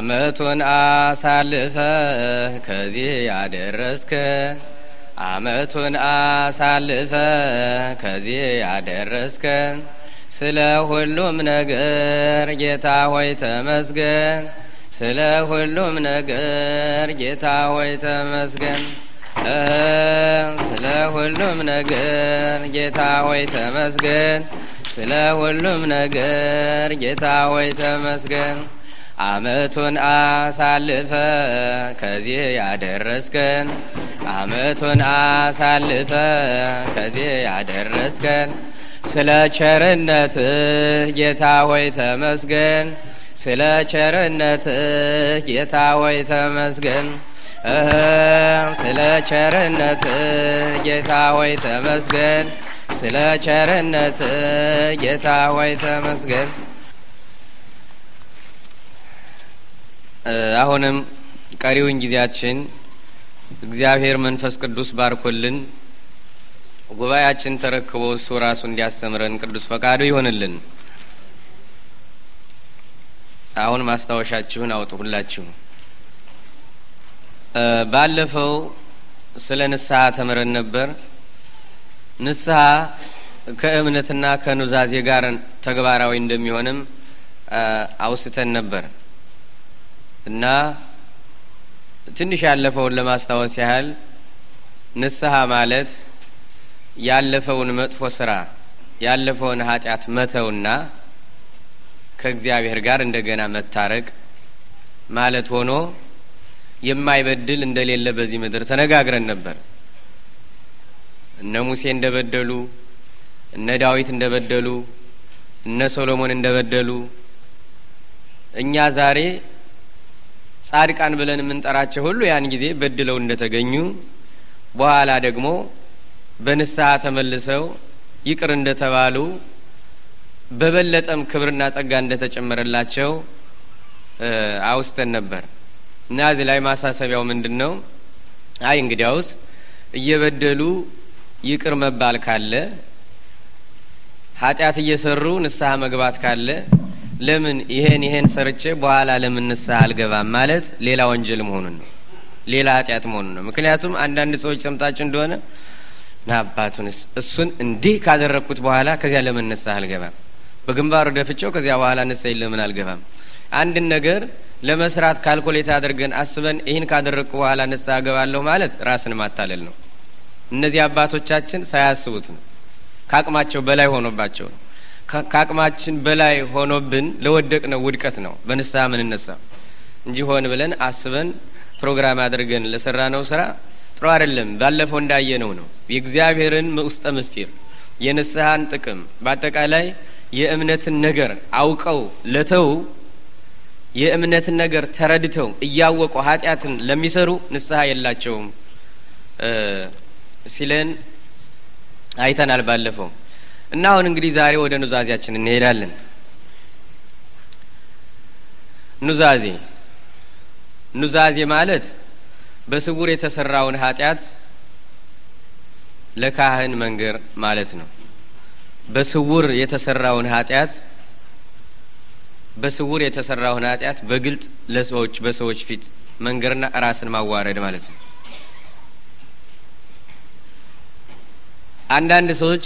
አመቱን አሳልፈህ ከዚህ ያደረስከን አመቱን አሳልፈህ ከዚህ ያደረስከን ስለ ሁሉም ነገር ጌታ ሆይ ተመስገን። ስለ ሁሉም ነገር ጌታ ሆይ ተመስገን። ስለ ሁሉም ነገር ጌታ ሆይ ተመስገን። ስለ ሁሉም ነገር ጌታ ሆይ ተመስገን። አመቱን አሳልፈ ከዚህ ያደረስከን አመቱን አሳልፈ ከዚህ ያደረስከን ስለ ቸርነት ጌታ ሆይ ተመስገን። ስለ ቸርነት ጌታ ሆይ ተመስገን። ስለ ቸርነት ጌታ ሆይ ተመስገን። ስለ ቸርነት ጌታ ሆይ ተመስገን። አሁንም ቀሪውን ጊዜያችን እግዚአብሔር መንፈስ ቅዱስ ባርኮልን ጉባኤያችን ተረክቦ እሱ ራሱ እንዲያስተምረን ቅዱስ ፈቃዱ ይሆንልን። አሁን ማስታወሻችሁን አውጡ ሁላችሁ። ባለፈው ስለ ንስሐ ተምረን ነበር። ንስሐ ከእምነትና ከኑዛዜ ጋር ተግባራዊ እንደሚሆንም አውስተን ነበር። እና ትንሽ ያለፈውን ለማስታወስ ያህል ንስሐ ማለት ያለፈውን መጥፎ ስራ ያለፈውን ኃጢአት መተውና ከእግዚአብሔር ጋር እንደገና መታረቅ ማለት ሆኖ የማይበድል እንደሌለ በዚህ ምድር ተነጋግረን ነበር። እነ ሙሴ እንደበደሉ፣ እነ ዳዊት እንደበደሉ፣ እነ ሶሎሞን እንደበደሉ እኛ ዛሬ ጻድቃን ብለን የምንጠራቸው ሁሉ ያን ጊዜ በድለው እንደተገኙ በኋላ ደግሞ በንስሐ ተመልሰው ይቅር እንደተባሉ በበለጠም ክብርና ጸጋ እንደተጨመረላቸው አውስተን ነበር እና እዚህ ላይ ማሳሰቢያው ምንድን ነው? አይ እንግዲያውስ እየበደሉ ይቅር መባል ካለ ኃጢአት እየሰሩ ንስሐ መግባት ካለ ለምን ይሄን ይሄን ሰርቼ በኋላ ለምን ንስሐ አልገባም ማለት ሌላ ወንጀል መሆኑን ነው፣ ሌላ ኃጢአት መሆኑን ነው። ምክንያቱም አንዳንድ ሰዎች ሰምታችሁ እንደሆነ ና አባቱንስ እሱን እንዲህ ካደረግኩት በኋላ ከዚያ ለምን ንስሐ አልገባም፣ በግንባሩ ደፍቼው ከዚያ በኋላ ንስሐ ለምን አልገባም። አንድን ነገር ለመስራት ካልኩሌት አድርገን አስበን ይህን ካደረግኩ በኋላ ንስሐ እገባለሁ ማለት ራስን ማታለል ነው። እነዚህ አባቶቻችን ሳያስቡት ነው፣ ከአቅማቸው በላይ ሆኖባቸው ነው። ከአቅማችን በላይ ሆኖብን ለወደቅ ነው ውድቀት ነው በንስሐ ምንነሳ እንጂ ሆን ብለን አስበን ፕሮግራም አድርገን ለሰራ ነው ስራ ጥሩ አይደለም። ባለፈው እንዳየነው ነው የእግዚአብሔርን ውስጠ ምስጢር የንስሐን ጥቅም በአጠቃላይ የእምነትን ነገር አውቀው ለተው የእምነትን ነገር ተረድተው እያወቁ ኃጢአትን ለሚሰሩ ንስሐ የላቸውም ሲለን አይተናል ባለፈው። እና አሁን እንግዲህ ዛሬ ወደ ኑዛዜያችን እንሄዳለን። ኑዛዜ ኑዛዜ ማለት በስውር የተሰራውን ኃጢአት ለካህን መንገር ማለት ነው። በስውር የተሰራውን ኃጢአት በስውር የተሰራውን ኃጢአት በግልጥ ለሰዎች በሰዎች ፊት መንገርና ራስን ማዋረድ ማለት ነው። አንዳንድ ሰዎች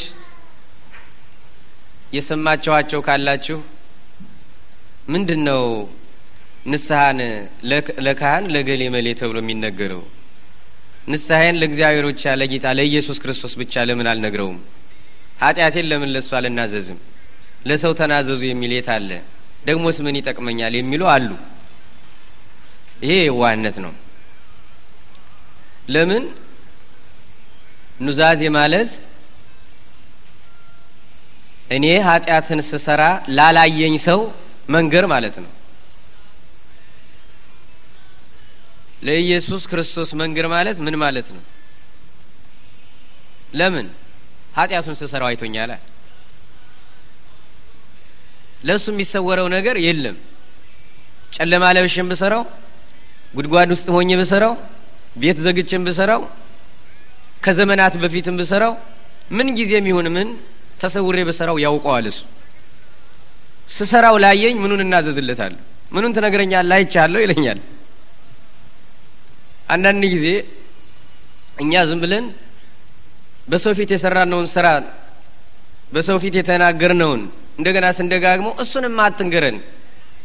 የሰማችኋቸው ካላችሁ ምንድን ነው ንስሐን ለካህን ለገሌ መሌ ተብሎ የሚነገረው? ንስሐዬን ለእግዚአብሔር ብቻ ለጌታ ለኢየሱስ ክርስቶስ ብቻ ለምን አልነግረውም? ኃጢአቴን ለምን ለሱ አልናዘዝም? ለሰው ተናዘዙ የሚል የት አለ? ደግሞስ ምን ይጠቅመኛል የሚሉ አሉ። ይሄ የዋህነት ነው። ለምን ኑዛዜ ማለት እኔ ኃጢአትን ስሰራ ላላየኝ ሰው መንገር ማለት ነው። ለኢየሱስ ክርስቶስ መንገር ማለት ምን ማለት ነው? ለምን ኃጢአቱን ስሰራው አይቶኛል። ለእሱ የሚሰወረው ነገር የለም። ጨለማ ለብሽን ብሰራው፣ ጉድጓድ ውስጥ ሆኜ ብሰራው፣ ቤት ዘግችን ብሰራው፣ ከዘመናት በፊትም ብሰራው ምን ጊዜም ይሁን ምን ተሰውሬ በሰራው ያውቀዋል። እሱ ስሰራው ላየኝ ምኑን እናዘዝለታለሁ? ምኑን ትነግረኛለህ? ላይቻለሁ ይለኛል። አንዳንድ ጊዜ እኛ ዝም ብለን በሰው ፊት የሰራነውን ስራ በሰው ፊት የተናገርነውን እንደገና ስንደጋግሞ እሱንም አትንገረን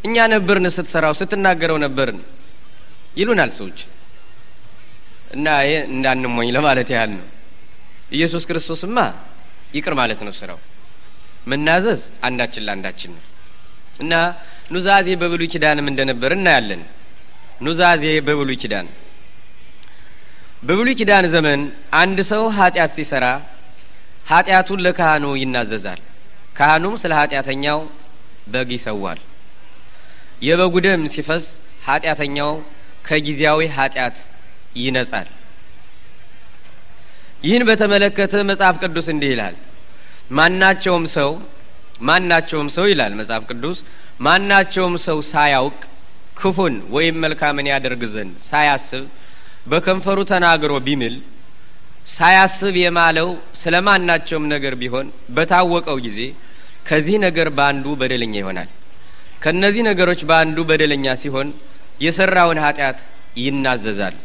እኛ ነበርን ስትሰራው ስትናገረው ነበርን ይሉናል ሰዎች። እና ይሄ እንዳንሞኝ ለማለት ያህል ነው። ኢየሱስ ክርስቶስማ ይቅር ማለት ነው ስራው። መናዘዝ አንዳችን ለአንዳችን ነው እና ኑዛዜ በብሉይ ኪዳንም እንደነበር እናያለን። ኑዛዜ በብሉይ ኪዳን በብሉይ ኪዳን ዘመን አንድ ሰው ኃጢአት ሲሰራ ኃጢአቱን ለካህኑ ይናዘዛል። ካህኑም ስለ ኃጢአተኛው በግ ይሰዋል። የበጉ ደም ሲፈስ ኃጢአተኛው ከጊዜያዊ ኃጢአት ይነጻል። ይህን በተመለከተ መጽሐፍ ቅዱስ እንዲህ ይላል። ማናቸውም ሰው ማናቸውም ሰው ይላል መጽሐፍ ቅዱስ ማናቸውም ሰው ሳያውቅ ክፉን ወይም መልካምን ያደርግ ዘንድ ሳያስብ በከንፈሩ ተናግሮ ቢምል ሳያስብ የማለው ስለ ማናቸውም ነገር ቢሆን በታወቀው ጊዜ ከዚህ ነገር በአንዱ በደለኛ ይሆናል። ከእነዚህ ነገሮች በአንዱ በደለኛ ሲሆን የሰራውን ኃጢአት ይናዘዛል።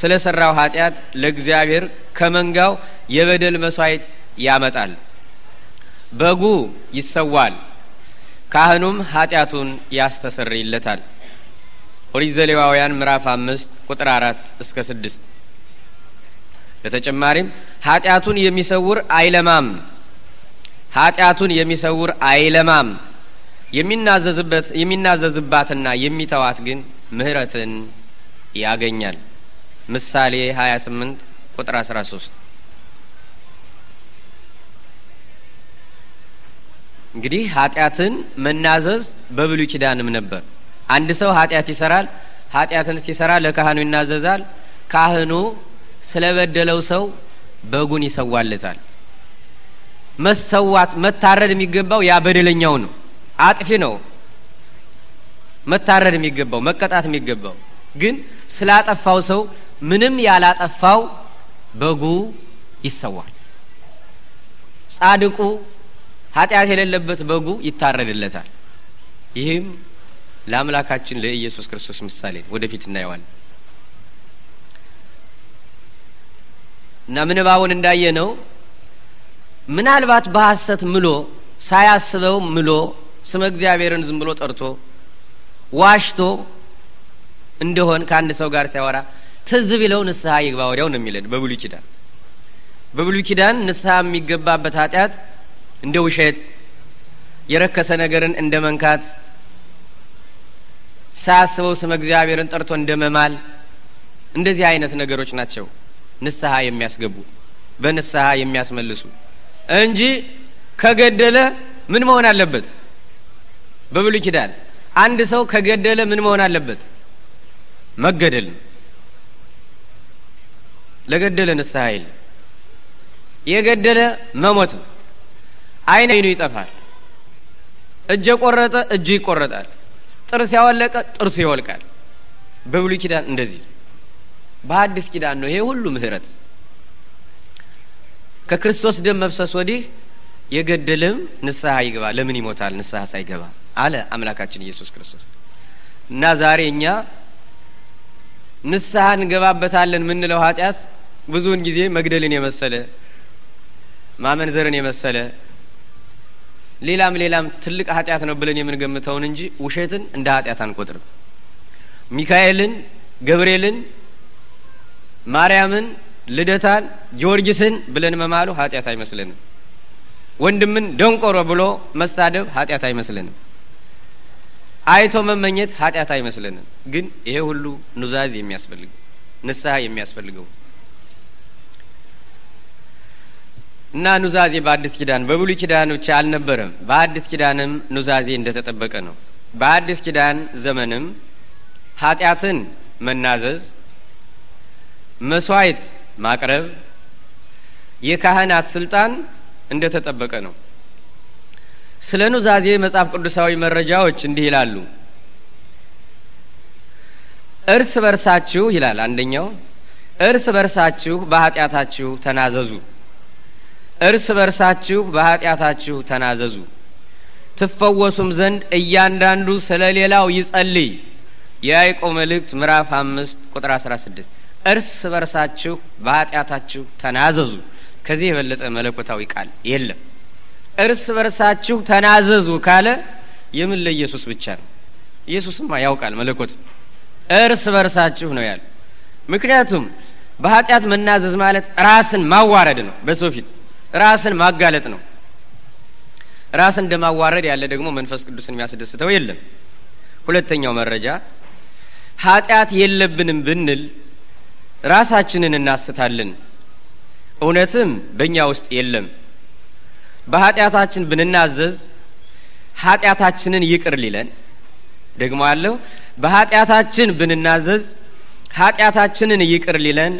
ስለ ሰራው ኃጢአት ለእግዚአብሔር ከመንጋው የበደል መስዋዕት ያመጣል፣ በጉ ይሰዋል፣ ካህኑም ኃጢአቱን ያስተሰርይለታል። ኦሪት ዘሌዋውያን ምዕራፍ አምስት ቁጥር አራት እስከ ስድስት በተጨማሪም ኃጢአቱን የሚሰውር አይለማም፣ ኃጢአቱን የሚሰውር አይለማም፣ የሚናዘዝበት የሚናዘዝባትና የሚተዋት ግን ምህረትን ያገኛል። ምሳሌ 28 ቁጥር 13 እንግዲህ ኃጢአትን መናዘዝ በብሉይ ኪዳንም ነበር። አንድ ሰው ኃጢአት ይሰራል። ኃጢአትን ሲሰራ ለካህኑ ይናዘዛል። ካህኑ ስለበደለው ሰው በጉን ይሰዋለታል። መሰዋት መታረድ የሚገባው ያ በደለኛው ነው፣ አጥፊ ነው። መታረድ የሚገባው መቀጣት የሚገባው ግን ስላጠፋው ሰው ምንም ያላጠፋው በጉ ይሰዋል። ጻድቁ ኃጢአት የሌለበት በጉ ይታረድለታል። ይህም ለአምላካችን ለኢየሱስ ክርስቶስ ምሳሌ ወደፊት እናየዋለን እና ምንባቡን እንዳየ ነው። ምናልባት በሐሰት ምሎ ሳያስበው ምሎ ስመ እግዚአብሔርን ዝም ብሎ ጠርቶ ዋሽቶ እንደሆን ከአንድ ሰው ጋር ሲያወራ ትዝ ቢለው ንስሐ ይግባ ወዲያው ነው የሚለን በብሉይ ኪዳን። በብሉይ ኪዳን ንስሐ የሚገባበት ኃጢአት እንደ ውሸት፣ የረከሰ ነገርን እንደ መንካት፣ ሳያስበው ስመ እግዚአብሔርን ጠርቶ እንደ መማል፣ እንደዚህ አይነት ነገሮች ናቸው ንስሐ የሚያስገቡ በንስሐ የሚያስመልሱ እንጂ ከገደለ ምን መሆን አለበት? በብሉይ ኪዳን አንድ ሰው ከገደለ ምን መሆን አለበት? መገደል ነው። ለገደለ ንስሐ የለም። የገደለ መሞት ነው። አይን አይኑ ይጠፋል። እጅ የቆረጠ እጁ ይቆረጣል። ጥርስ ያወለቀ ጥርሱ ይወልቃል። በብሉይ ኪዳን እንደዚህ፣ በአዲስ ኪዳን ነው ይሄ ሁሉ ምህረት ከክርስቶስ ደም መብሰስ ወዲህ የገደለም ንስሐ ይገባ ለምን ይሞታል? ንስሐ ሳይገባ አለ አምላካችን ኢየሱስ ክርስቶስ እና ዛሬ እኛ ንስሐ እንገባበታለን የምንለው ኃጢአት ብዙውን ጊዜ መግደልን የመሰለ ማመንዘርን የመሰለ ሌላም ሌላም ትልቅ ኃጢአት ነው ብለን የምንገምተውን እንጂ ውሸትን እንደ ኃጢአት አንቆጥርም። ሚካኤልን፣ ገብርኤልን፣ ማርያምን፣ ልደታን፣ ጊዮርጊስን ብለን መማሉ ኃጢአት አይመስልንም። ወንድምን ደንቆሮ ብሎ መሳደብ ኃጢአት አይመስልንም። አይቶ መመኘት ኃጢአት አይመስለንም። ግን ይሄ ሁሉ ኑዛዝ የሚያስፈልገው ንስሐ የሚያስፈልገው እና ኑዛዜ በአዲስ ኪዳን በብሉይ ኪዳን ብቻ አልነበረም። በአዲስ ኪዳንም ኑዛዜ እንደተጠበቀ ነው። በአዲስ ኪዳን ዘመንም ኃጢአትን መናዘዝ፣ መስዋዕት ማቅረብ፣ የካህናት ስልጣን እንደተጠበቀ ነው። ስለ ኑዛዜ መጽሐፍ ቅዱሳዊ መረጃዎች እንዲህ ይላሉ። እርስ በርሳችሁ ይላል አንደኛው፣ እርስ በርሳችሁ በኃጢአታችሁ ተናዘዙ፣ እርስ በርሳችሁ በኃጢአታችሁ ተናዘዙ፣ ትፈወሱም ዘንድ እያንዳንዱ ስለ ሌላው ይጸልይ። የያዕቆብ መልእክት ምዕራፍ አምስት ቁጥር አስራ ስድስት እርስ በርሳችሁ በኃጢአታችሁ ተናዘዙ። ከዚህ የበለጠ መለኮታዊ ቃል የለም። እርስ በርሳችሁ ተናዘዙ ካለ የምን ለኢየሱስ ብቻ ነው? ኢየሱስማ ያውቃል መለኮት። እርስ በርሳችሁ ነው ያሉ። ምክንያቱም በኃጢአት መናዘዝ ማለት ራስን ማዋረድ ነው፣ በሰው ፊት ራስን ማጋለጥ ነው። ራስን እንደማዋረድ ያለ ደግሞ መንፈስ ቅዱስን የሚያስደስተው የለም። ሁለተኛው መረጃ ኃጢአት የለብንም ብንል ራሳችንን እናስታለን፣ እውነትም በእኛ ውስጥ የለም። በኃጢአታችን ብንናዘዝ ኃጢአታችንን ይቅር ሊለን ደግሞ አለሁ በኃጢአታችን ብንናዘዝ ኃጢአታችንን ይቅር ሊለን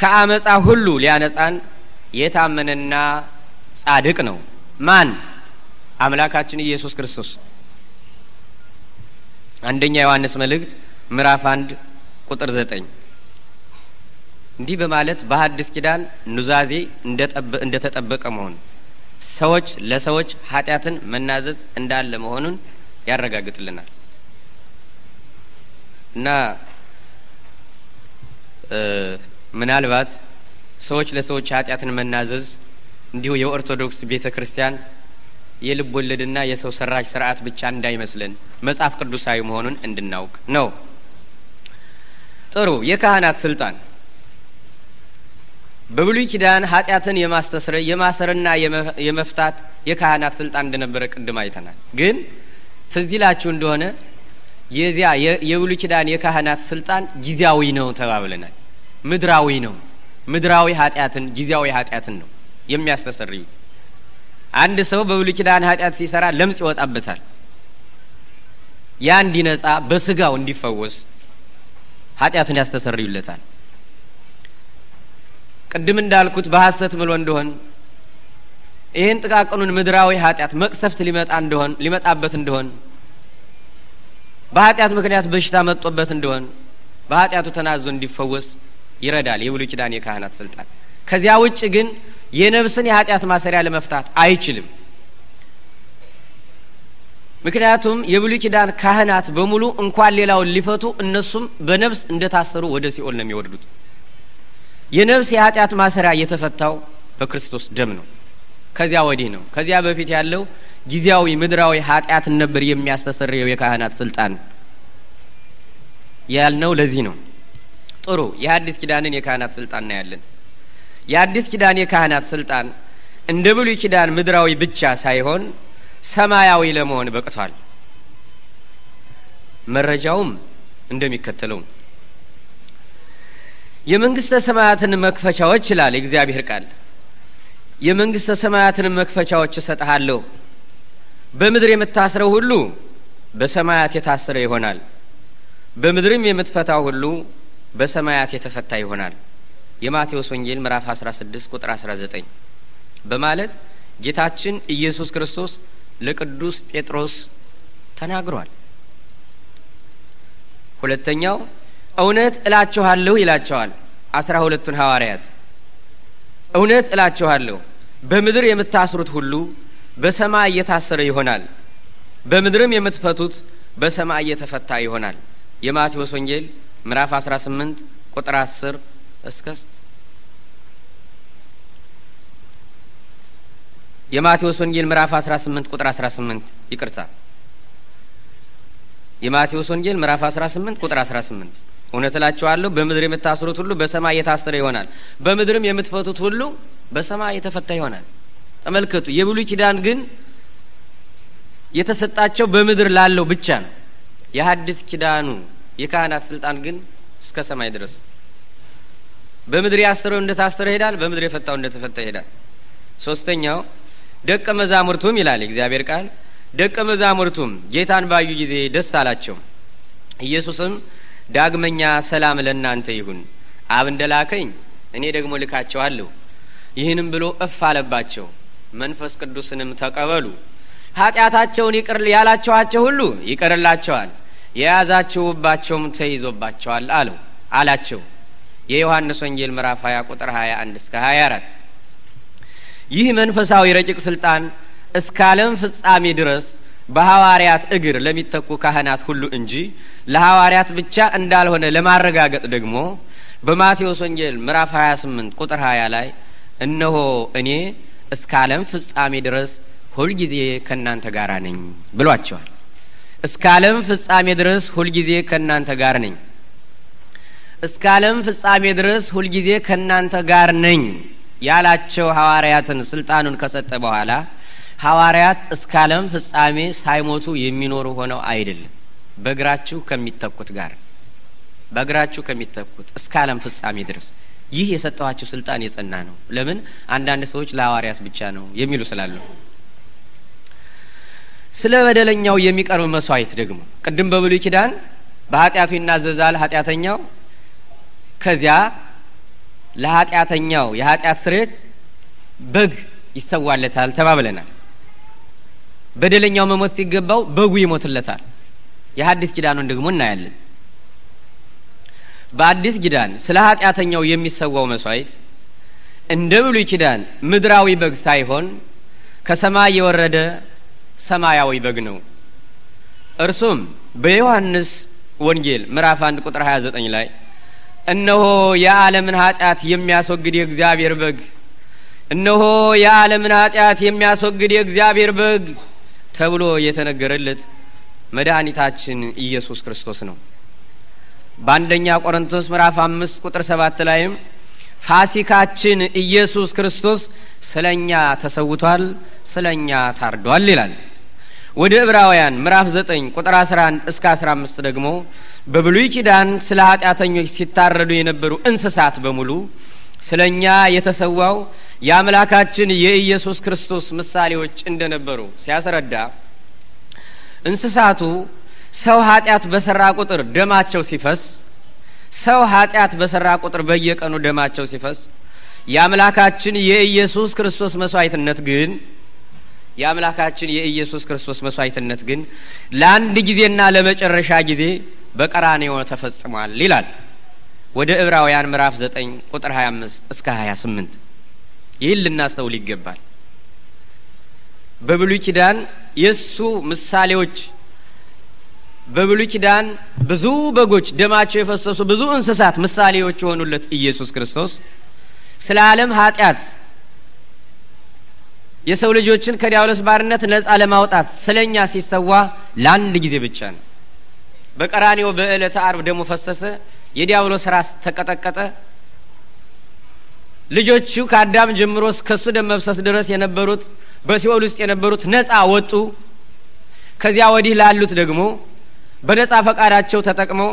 ከአመፃ ሁሉ ሊያነጻን የታመነና ጻድቅ ነው። ማን? አምላካችን ኢየሱስ ክርስቶስ። አንደኛ ዮሐንስ መልእክት ምዕራፍ አንድ ቁጥር ዘጠኝ እንዲህ በማለት በሀዲስ ኪዳን ኑዛዜ እንደተጠበቀ መሆን ሰዎች ለሰዎች ኃጢአትን መናዘዝ እንዳለ መሆኑን ያረጋግጥልናል እና ምናልባት ሰዎች ለሰዎች ኃጢአትን መናዘዝ እንዲሁ የኦርቶዶክስ ቤተ ክርስቲያን የልብ ወለድና የሰው ሰራሽ ስርዓት ብቻ እንዳይመስልን መጽሐፍ ቅዱሳዊ መሆኑን እንድናውቅ ነው። ጥሩ የካህናት ስልጣን በብሉይ ኪዳን ኃጢአትን የማስተስረ የማሰርና የመፍታት የካህናት ስልጣን እንደነበረ ቅድም አይተናል። ግን ትዝ ይላችሁ እንደሆነ የዚያ የብሉይ ኪዳን የካህናት ስልጣን ጊዜያዊ ነው ተባብለናል። ምድራዊ ነው። ምድራዊ ኃጢአትን ጊዜያዊ ኃጢአትን ነው የሚያስተሰርዩት። አንድ ሰው በብሉይ ኪዳን ኃጢአት ሲሰራ ለምጽ ይወጣበታል። ያ እንዲነጻ በስጋው እንዲፈወስ ኃጢአትን ያስተሰርዩለታል። ቅድም እንዳልኩት በሐሰት ምሎ እንደሆን ይህን ጥቃቅኑን ምድራዊ ኃጢአት መቅሰፍት ሊመጣ እንደሆን ሊመጣበት እንደሆን በኃጢአት ምክንያት በሽታ መጦበት እንደሆን በኃጢአቱ ተናዞ እንዲፈወስ ይረዳል የብሉይ ኪዳን የካህናት ስልጣን። ከዚያ ውጭ ግን የነፍስን የኃጢአት ማሰሪያ ለመፍታት አይችልም። ምክንያቱም የብሉይ ኪዳን ካህናት በሙሉ እንኳን ሌላውን ሊፈቱ እነሱም በነፍስ እንደታሰሩ ወደ ሲኦል ነው የሚወርዱት። የነፍስ የኃጢአት ማሰሪያ የተፈታው በክርስቶስ ደም ነው። ከዚያ ወዲህ ነው። ከዚያ በፊት ያለው ጊዜያዊ ምድራዊ ኃጢአትን ነበር የሚያስተሰርየው የካህናት ስልጣን ያልነው ለዚህ ነው። ጥሩ የአዲስ ኪዳንን የካህናት ስልጣን እናያለን። የአዲስ ኪዳን የካህናት ስልጣን እንደ ብሉይ ኪዳን ምድራዊ ብቻ ሳይሆን ሰማያዊ ለመሆን በቅቷል። መረጃውም እንደሚከተለው የመንግስተ ሰማያትን መክፈቻዎች ይላል የእግዚአብሔር ቃል። የመንግስተ ሰማያትን መክፈቻዎች እሰጥሃለሁ፣ በምድር የምታስረው ሁሉ በሰማያት የታሰረ ይሆናል፣ በምድርም የምትፈታው ሁሉ በሰማያት የተፈታ ይሆናል። የማቴዎስ ወንጌል ምዕራፍ 16 ቁጥር 19 በማለት ጌታችን ኢየሱስ ክርስቶስ ለቅዱስ ጴጥሮስ ተናግሯል። ሁለተኛው እውነት እላችኋለሁ ይላቸዋል አስራ ሁለቱን ሐዋርያት እውነት እላችኋለሁ በምድር የምታስሩት ሁሉ በሰማይ እየታሰረ ይሆናል፣ በምድርም የምትፈቱት በሰማይ እየተፈታ ይሆናል። የማቴዎስ ወንጌል ምዕራፍ 18 ቁጥር 10 እስከ የማቴዎስ ወንጌል ምዕራፍ 18 ቁጥር 18 ይቅርታ፣ የማቴዎስ ወንጌል ምዕራፍ 18 ቁጥር 18 እውነት እላችኋለሁ በምድር የምታስሩት ሁሉ በሰማይ የታሰረ ይሆናል፣ በምድርም የምትፈቱት ሁሉ በሰማይ የተፈታ ይሆናል። ተመልከቱ፣ የብሉይ ኪዳን ግን የተሰጣቸው በምድር ላለው ብቻ ነው። የሐዲስ ኪዳኑ የካህናት ስልጣን ግን እስከ ሰማይ ድረስ በምድር ያሰረው እንደታሰረ ይሄዳል፣ በምድር የፈታው እንደተፈታ ይሄዳል። ሶስተኛው ደቀ መዛሙርቱም ይላል የእግዚአብሔር ቃል፣ ደቀ መዛሙርቱም ጌታን ባዩ ጊዜ ደስ አላቸው። ኢየሱስም ዳግመኛ ሰላም ለእናንተ ይሁን፣ አብ እንደላከኝ እኔ ደግሞ ልካቸዋለሁ። ይህንም ብሎ እፍ አለባቸው፣ መንፈስ ቅዱስንም ተቀበሉ። ኃጢአታቸውን ይቅር ያላቸዋቸው ሁሉ ይቅርላቸዋል፣ የያዛችሁባቸውም ተይዞባቸዋል አለው አላቸው። የዮሐንስ ወንጌል ምዕራፍ 20 ቁጥር 21 እስከ 24። ይህ መንፈሳዊ ረቂቅ ስልጣን እስከ ዓለም ፍጻሜ ድረስ በሐዋርያት እግር ለሚተኩ ካህናት ሁሉ እንጂ ለሐዋርያት ብቻ እንዳልሆነ ለማረጋገጥ ደግሞ በማቴዎስ ወንጌል ምዕራፍ 28 ቁጥር 20 ላይ እነሆ እኔ እስከ ዓለም ፍጻሜ ድረስ ሁልጊዜ ከእናንተ ጋር ነኝ ብሏቸዋል። እስከ ዓለም ፍጻሜ ድረስ ሁልጊዜ ከእናንተ ጋር ነኝ። እስከ ዓለም ፍጻሜ ድረስ ሁልጊዜ ከእናንተ ጋር ነኝ ያላቸው ሐዋርያትን ስልጣኑን ከሰጠ በኋላ ሐዋርያት እስከ ዓለም ፍጻሜ ሳይሞቱ የሚኖሩ ሆነው አይደለም። በእግራችሁ ከሚተኩት ጋር በእግራችሁ ከሚተኩት እስከ ዓለም ፍጻሜ ድረስ ይህ የሰጠኋችሁ ስልጣን የጸና ነው። ለምን አንዳንድ ሰዎች ለሐዋርያት ብቻ ነው የሚሉ ስላሉ። ስለ በደለኛው የሚቀርብ መስዋዕት ደግሞ ቅድም በብሉይ ኪዳን በኃጢአቱ ይናዘዛል ኃጢአተኛው። ከዚያ ለኃጢአተኛው የኃጢአት ስርየት በግ ይሰዋለታል ተባብለናል። በደለኛው መሞት ሲገባው በጉ ይሞትለታል። የሐዲስ ኪዳኑን ደግሞ እናያለን። በአዲስ ኪዳን ስለ ኃጢአተኛው የሚሰዋው መስዋዕት እንደ ብሉይ ኪዳን ምድራዊ በግ ሳይሆን ከሰማይ የወረደ ሰማያዊ በግ ነው። እርሱም በዮሐንስ ወንጌል ምዕራፍ 1 ቁጥር 29 ላይ እነሆ የዓለምን ኃጢአት የሚያስወግድ የእግዚአብሔር በግ እነሆ የዓለምን ኃጢአት የሚያስወግድ የእግዚአብሔር በግ ተብሎ የተነገረለት መድኃኒታችን ኢየሱስ ክርስቶስ ነው። በአንደኛ ቆሮንቶስ ምዕራፍ አምስት ቁጥር ሰባት ላይም ፋሲካችን ኢየሱስ ክርስቶስ ስለ እኛ ተሰውቷል፣ ስለ እኛ ታርዷል ይላል። ወደ ዕብራውያን ምዕራፍ ዘጠኝ ቁጥር አስራ አንድ እስከ አስራ አምስት ደግሞ በብሉይ ኪዳን ስለ ኃጢአተኞች ሲታረዱ የነበሩ እንስሳት በሙሉ ስለ እኛ የተሰዋው የአምላካችን የኢየሱስ ክርስቶስ ምሳሌዎች እንደነበሩ ሲያስረዳ እንስሳቱ ሰው ኃጢአት በሰራ ቁጥር ደማቸው ሲፈስ ሰው ኃጢአት በሰራ ቁጥር በየቀኑ ደማቸው ሲፈስ የአምላካችን የኢየሱስ ክርስቶስ መስዋዕትነት ግን የአምላካችን የኢየሱስ ክርስቶስ መስዋዕትነት ግን ለአንድ ጊዜና ለመጨረሻ ጊዜ በቀራንዮ ተፈጽሟል ይላል። ወደ ዕብራውያን ምዕራፍ 9 ቁጥር 25 እስከ 28 ይህን ልናስተውል ይገባል። በብሉይ ኪዳን የእሱ ምሳሌዎች በብሉይ ኪዳን ብዙ በጎች ደማቸው የፈሰሱ ብዙ እንስሳት ምሳሌዎች የሆኑለት ኢየሱስ ክርስቶስ ስለ ዓለም ኃጢአት የሰው ልጆችን ከዲያብሎስ ባርነት ነጻ ለማውጣት ስለ እኛ ሲሰዋ ለአንድ ጊዜ ብቻ ነው። በቀራኔው በዕለተ አርብ ደሙ ፈሰሰ። የዲያውሎስ ራስ ተቀጠቀጠ። ልጆቹ ከአዳም ጀምሮ እስከሱ ደም መፍሰስ ድረስ የነበሩት በሲኦል ውስጥ የነበሩት ነጻ ወጡ። ከዚያ ወዲህ ላሉት ደግሞ በነጻ ፈቃዳቸው ተጠቅመው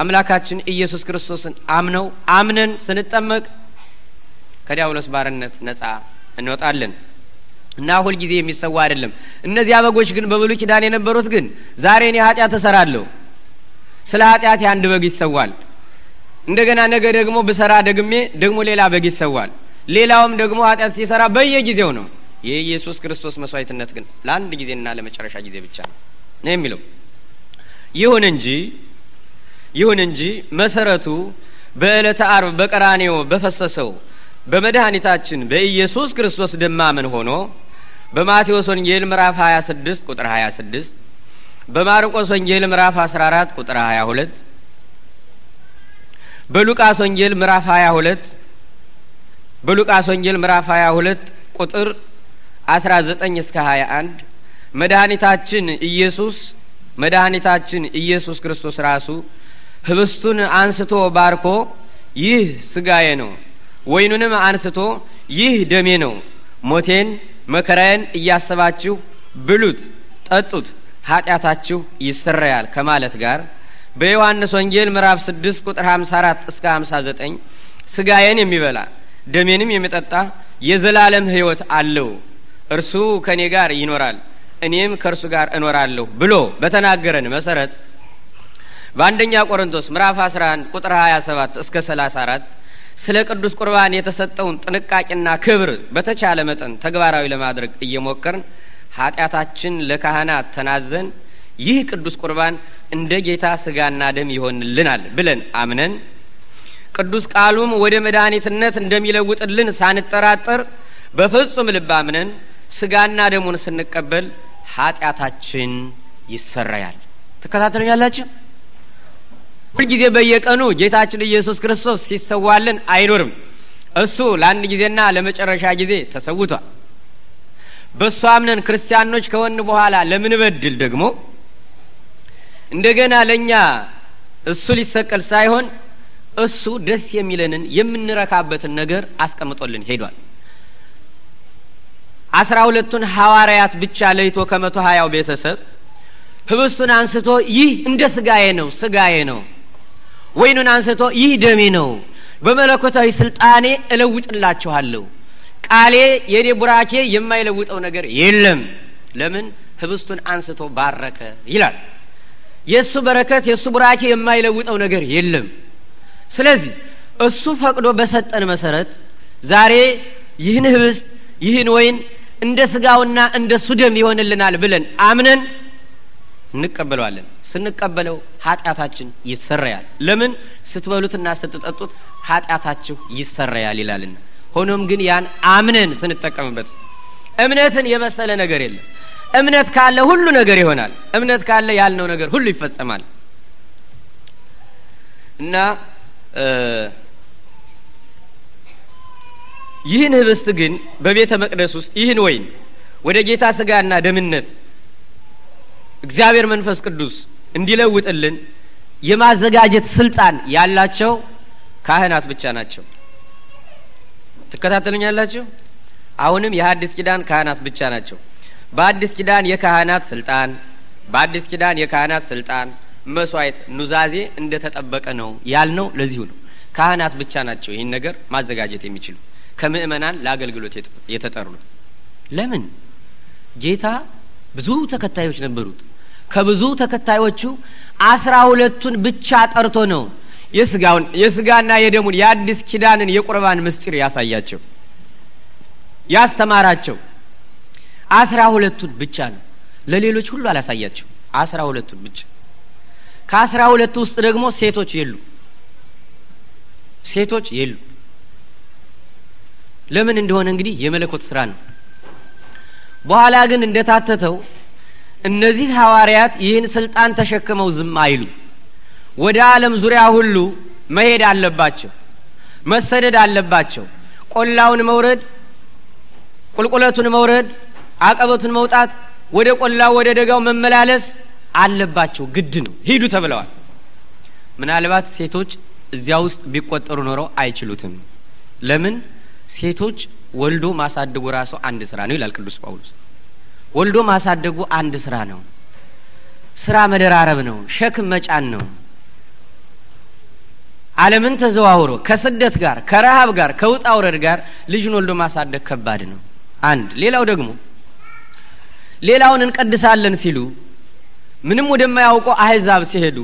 አምላካችን ኢየሱስ ክርስቶስን አምነው አምነን ስንጠመቅ ከዲያብሎስ ባርነት ነጻ እንወጣለን እና ሁልጊዜ የሚሰዋ አይደለም። እነዚያ በጎች ግን በብሉይ ኪዳን የነበሩት ግን ዛሬ እኔ ኃጢአት እሰራለሁ፣ ስለ ኃጢአት የአንድ በግ ይሰዋል እንደገና ነገ ደግሞ ብሰራ ደግሜ ደግሞ ሌላ በግ ይሰዋል። ሌላውም ደግሞ ኃጢአት ሲሰራ በየጊዜው ነው። የኢየሱስ ክርስቶስ መስዋዕትነት ግን ለአንድ ጊዜና ለመጨረሻ ጊዜ ብቻ ነው የሚለው ይሁን እንጂ ይሁን እንጂ መሰረቱ በዕለተ አርብ በቀራኔዮ በፈሰሰው በመድኃኒታችን በኢየሱስ ክርስቶስ ደም ማመን ሆኖ በማቴዎስ ወንጌል ምዕራፍ 26 ቁጥር 26 በማርቆስ ወንጌል ምዕራፍ 14 ቁጥር 22 በሉቃስ ወንጌል ምዕራፍ 22 በሉቃስ ወንጌል ምዕራፍ 22 ቁጥር 19 እስከ 21 መድኃኒታችን ኢየሱስ መድኃኒታችን ኢየሱስ ክርስቶስ ራሱ ህብስቱን አንስቶ ባርኮ ይህ ስጋዬ ነው፣ ወይኑንም አንስቶ ይህ ደሜ ነው፣ ሞቴን መከራዬን እያሰባችሁ ብሉት፣ ጠጡት፣ ኃጢአታችሁ ይሰረያል ከማለት ጋር በዮሐንስ ወንጌል ምዕራፍ 6 ቁጥር 54 እስከ 59 ስጋዬን የሚበላ ደሜንም የሚጠጣ የዘላለም ሕይወት አለው፣ እርሱ ከእኔ ጋር ይኖራል፣ እኔም ከእርሱ ጋር እኖራለሁ ብሎ በተናገረን መሰረት በአንደኛ ቆሮንቶስ ምዕራፍ 11 ቁጥር 27 እስከ 34 ስለ ቅዱስ ቁርባን የተሰጠውን ጥንቃቄና ክብር በተቻለ መጠን ተግባራዊ ለማድረግ እየሞከርን ኃጢአታችን ለካህናት ተናዘን ይህ ቅዱስ ቁርባን እንደ ጌታ ስጋና ደም ይሆንልናል ብለን አምነን ቅዱስ ቃሉም ወደ መድኃኒትነት እንደሚለውጥልን ሳንጠራጠር በፍጹም ልብ አምነን ስጋና ደሙን ስንቀበል ኃጢአታችን ይሰረያል። ትከታተሉኛላችሁ? ሁልጊዜ በየቀኑ ጌታችን ኢየሱስ ክርስቶስ ሲሰዋልን አይኖርም። እሱ ለአንድ ጊዜና ለመጨረሻ ጊዜ ተሰውቷል። በእሱ አምነን ክርስቲያኖች ከወን በኋላ ለምንበድል ደግሞ እንደገና ለእኛ እሱ ሊሰቀል ሳይሆን እሱ ደስ የሚለንን የምንረካበትን ነገር አስቀምጦልን ሄዷል። አስራ ሁለቱን ሐዋርያት ብቻ ለይቶ ከመቶ ሀያው ቤተሰብ ህብስቱን አንስቶ ይህ እንደ ስጋዬ ነው፣ ስጋዬ ነው። ወይኑን አንስቶ ይህ ደሜ ነው፣ በመለኮታዊ ስልጣኔ እለውጥላችኋለሁ። ቃሌ የኔ ቡራኬ የማይለውጠው ነገር የለም። ለምን ህብስቱን አንስቶ ባረከ ይላል። የእሱ በረከት የእሱ ቡራኬ የማይለውጠው ነገር የለም። ስለዚህ እሱ ፈቅዶ በሰጠን መሰረት ዛሬ ይህን ህብስት ይህን ወይን እንደ ስጋውና እንደ እሱ ደም ይሆንልናል ብለን አምነን እንቀበለዋለን። ስንቀበለው ኃጢአታችን ይሰረያል። ለምን ስትበሉትና ስትጠጡት ኃጢአታችሁ ይሰረያል ይላልና። ሆኖም ግን ያን አምነን ስንጠቀምበት እምነትን የመሰለ ነገር የለም። እምነት ካለ ሁሉ ነገር ይሆናል። እምነት ካለ ያልነው ነገር ሁሉ ይፈጸማል እና ይህን ህብስት ግን በቤተ መቅደስ ውስጥ ይህን ወይን ወደ ጌታ ስጋና ደምነት እግዚአብሔር መንፈስ ቅዱስ እንዲለውጥልን የማዘጋጀት ስልጣን ያላቸው ካህናት ብቻ ናቸው። ትከታተሉኛላችሁ? አሁንም የሐዲስ ኪዳን ካህናት ብቻ ናቸው። በአዲስ ኪዳን የካህናት ስልጣን በአዲስ ኪዳን የካህናት ስልጣን መስዋዕት፣ ኑዛዜ እንደተጠበቀ ነው ያልነው። ለዚሁ ነው ካህናት ብቻ ናቸው ይህን ነገር ማዘጋጀት የሚችሉ ከምእመናን ለአገልግሎት የተጠሩ ነው። ለምን ጌታ ብዙ ተከታዮች ነበሩት። ከብዙ ተከታዮቹ አስራ ሁለቱን ብቻ ጠርቶ ነው የስጋውን የስጋና የደሙን የአዲስ ኪዳንን የቁርባን ምስጢር ያሳያቸው ያስተማራቸው አስራ ሁለቱን ብቻ ነው። ለሌሎች ሁሉ አላሳያቸው፣ አስራ ሁለቱን ብቻ። ከአስራ ሁለቱ ውስጥ ደግሞ ሴቶች የሉ፣ ሴቶች የሉ። ለምን እንደሆነ እንግዲህ የመለኮት ስራ ነው። በኋላ ግን እንደታተተው እነዚህ ሐዋርያት ይህን ስልጣን ተሸክመው ዝም አይሉ፣ ወደ ዓለም ዙሪያ ሁሉ መሄድ አለባቸው፣ መሰደድ አለባቸው፣ ቆላውን መውረድ፣ ቁልቁለቱን መውረድ አቀበቱን መውጣት፣ ወደ ቆላው ወደ ደጋው መመላለስ አለባቸው፣ ግድ ነው፣ ሂዱ ተብለዋል። ምናልባት ሴቶች እዚያ ውስጥ ቢቆጠሩ ኖረው አይችሉትም። ለምን? ሴቶች ወልዶ ማሳደጉ ራሱ አንድ ስራ ነው ይላል ቅዱስ ጳውሎስ። ወልዶ ማሳደጉ አንድ ስራ ነው። ስራ መደራረብ ነው፣ ሸክም መጫን ነው። አለምን ተዘዋውሮ ከስደት ጋር ከረሃብ ጋር ከውጣ ውረድ ጋር ልጅን ወልዶ ማሳደግ ከባድ ነው። አንድ ሌላው ደግሞ ሌላውን እንቀድሳለን ሲሉ ምንም ወደማያውቁ አህዛብ ሲሄዱ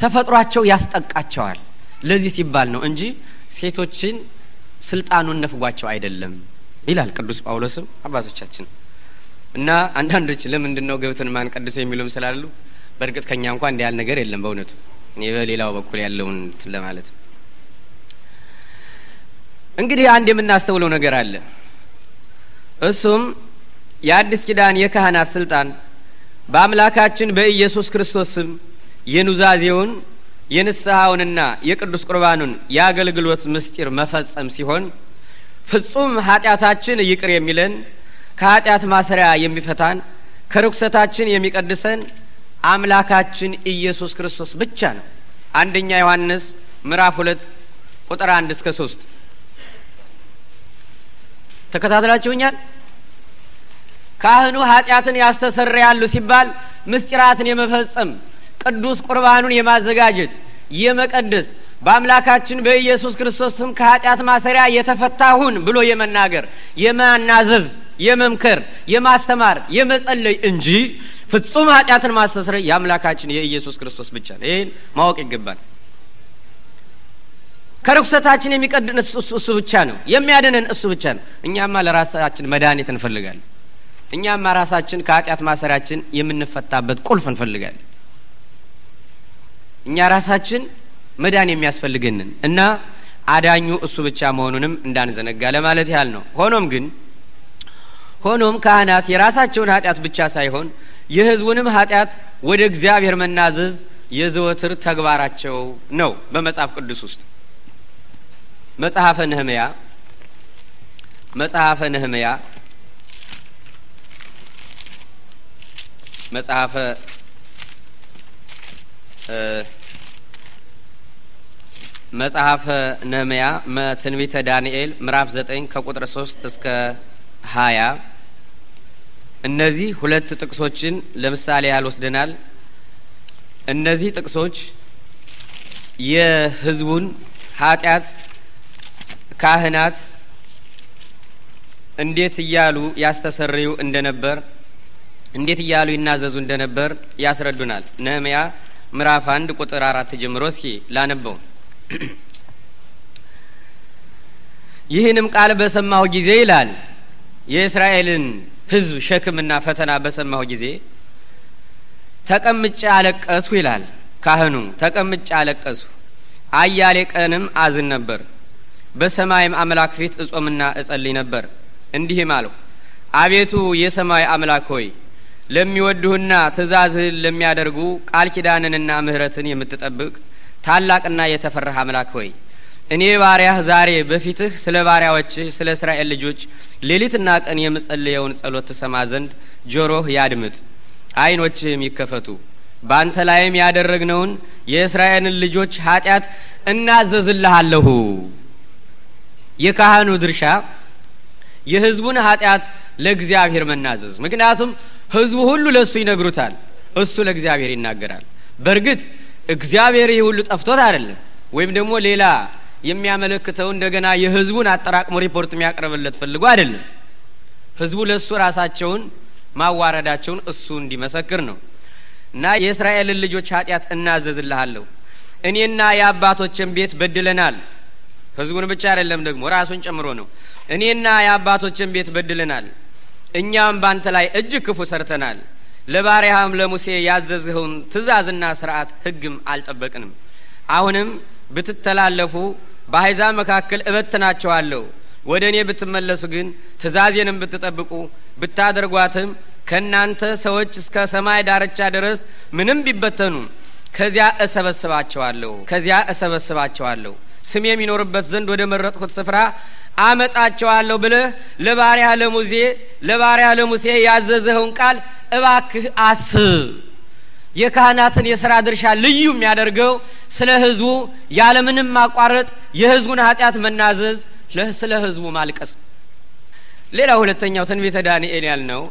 ተፈጥሯቸው ያስጠቃቸዋል። ለዚህ ሲባል ነው እንጂ ሴቶችን ስልጣኑን ነፍጓቸው አይደለም ይላል ቅዱስ ጳውሎስም አባቶቻችን እና አንዳንዶች ለምንድን ነው ገብተን ማን ቀድሰው የሚሉም ስላሉ በእርግጥ ከኛ እንኳ እንዲ ያል ነገር የለም። በእውነቱ እኔ በሌላው በኩል ያለውን ለማለት ነው። እንግዲህ አንድ የምናስተውለው ነገር አለ እሱም የአዲስ ኪዳን የካህናት ስልጣን በአምላካችን በኢየሱስ ክርስቶስ ስም የኑዛዜውን የንስሐውንና የቅዱስ ቁርባኑን የአገልግሎት ምስጢር መፈጸም ሲሆን ፍጹም ኃጢአታችን ይቅር የሚለን ከኃጢአት ማሰሪያ የሚፈታን ከርኩሰታችን የሚቀድሰን አምላካችን ኢየሱስ ክርስቶስ ብቻ ነው። አንደኛ ዮሐንስ ምዕራፍ ሁለት ቁጥር አንድ እስከ ሶስት ተከታትላችሁኛል። ካህኑ ኃጢአትን ያስተሰርያሉ ሲባል ምስጢራትን የመፈጸም ቅዱስ ቁርባኑን የማዘጋጀት የመቀደስ በአምላካችን በኢየሱስ ክርስቶስ ስም ከኃጢአት ማሰሪያ የተፈታሁን ብሎ የመናገር የማናዘዝ የመምከር የማስተማር የመጸለይ እንጂ ፍጹም ኃጢአትን ማስተስረ የአምላካችን የኢየሱስ ክርስቶስ ብቻ ነው። ይህን ማወቅ ይገባል። ከርኩሰታችን የሚቀድን እሱ ብቻ ነው። የሚያድንን እሱ ብቻ ነው። እኛማ ለራሳችን መድኃኒት እንፈልጋለን። እኛማ ራሳችን ከኃጢአት ማሰሪያችን የምንፈታበት ቁልፍ እንፈልጋለን። እኛ ራሳችን መዳን የሚያስፈልገንን እና አዳኙ እሱ ብቻ መሆኑንም እንዳንዘነጋ ለማለት ያህል ነው። ሆኖም ግን ሆኖም ካህናት የራሳቸውን ኃጢአት ብቻ ሳይሆን የህዝቡንም ኃጢአት ወደ እግዚአብሔር መናዘዝ የዘወትር ተግባራቸው ነው። በመጽሐፍ ቅዱስ ውስጥ መጽሐፈ ነህምያ መጽሐፈ ነህምያ መጽሐፈ መጽሐፈ ነህምያ መትንቢተ ዳንኤል ምዕራፍ 9 ከቁጥር 3 እስከ ሀያ እነዚህ ሁለት ጥቅሶችን ለምሳሌ ያህል ወስደናል። እነዚህ ጥቅሶች የህዝቡን ኃጢአት ካህናት እንዴት እያሉ ያስተሰርዩ እንደነበር እንዴት እያሉ ይናዘዙ እንደነበር ያስረዱናል። ነህምያ ምዕራፍ አንድ ቁጥር አራት ጀምሮ እስኪ ላነበው። ይህንም ቃል በሰማሁ ጊዜ ይላል የእስራኤልን ሕዝብ ሸክምና ፈተና በሰማሁ ጊዜ ተቀምጬ አለቀስሁ ይላል ካህኑ። ተቀምጬ አለቀስሁ፣ አያሌ ቀንም አዝን ነበር። በሰማይም አምላክ ፊት እጾምና እጸልይ ነበር። እንዲህም አልሁ፣ አቤቱ የሰማይ አምላክ ሆይ ለሚወዱህና ትእዛዝህን ለሚያደርጉ ቃል ኪዳንንና ምህረትን የምትጠብቅ ታላቅና የተፈራህ አምላክ ሆይ እኔ ባሪያህ ዛሬ በፊትህ ስለ ባሪያዎችህ ስለ እስራኤል ልጆች ሌሊትና ቀን የምጸልየውን ጸሎት ትሰማ ዘንድ ጆሮህ ያድምጥ፣ አይኖችህም ይከፈቱ። በአንተ ላይም ያደረግነውን የእስራኤልን ልጆች ኃጢአት እናዘዝልሃለሁ። የካህኑ ድርሻ የህዝቡን ኃጢአት ለእግዚአብሔር መናዘዝ ምክንያቱም ህዝቡ ሁሉ ለእሱ ይነግሩታል፣ እሱ ለእግዚአብሔር ይናገራል። በእርግጥ እግዚአብሔር ይህ ሁሉ ጠፍቶት አይደለም፣ ወይም ደግሞ ሌላ የሚያመለክተው እንደገና የህዝቡን አጠራቅሞ ሪፖርት የሚያቀርብለት ፈልጎ አይደለም። ህዝቡ ለእሱ ራሳቸውን ማዋረዳቸውን እሱ እንዲመሰክር ነው። እና የእስራኤልን ልጆች ኃጢአት እናዘዝልሃለሁ፣ እኔና የአባቶችን ቤት በድለናል። ህዝቡን ብቻ አይደለም ደግሞ ራሱን ጨምሮ ነው። እኔና የአባቶችን ቤት በድለናል እኛም ባንተ ላይ እጅግ ክፉ ሰርተናል። ለባሪያህም ለሙሴ ያዘዝኸውን ትእዛዝና ስርዓት ህግም አልጠበቅንም። አሁንም ብትተላለፉ በአሕዛብ መካከል እበትናቸዋለሁ። ወደ እኔ ብትመለሱ ግን ትእዛዜንም ብትጠብቁ ብታደርጓትም ከእናንተ ሰዎች እስከ ሰማይ ዳርቻ ድረስ ምንም ቢበተኑ ከዚያ እሰበስባቸዋለሁ ከዚያ እሰበስባቸዋለሁ ስሜ የሚኖርበት ዘንድ ወደ መረጥኩት ስፍራ አመጣቸዋለሁ ብለህ ለባሪያ ለሙሴ ለባሪያ ለሙሴ ያዘዘኸውን ቃል እባክህ አስብ። የካህናትን የስራ ድርሻ ልዩ የሚያደርገው ስለ ህዝቡ ያለምንም ማቋረጥ የህዝቡን ኃጢአት መናዘዝ፣ ስለ ህዝቡ ማልቀስ። ሌላ ሁለተኛው ትንቢተ ዳንኤል ያልነው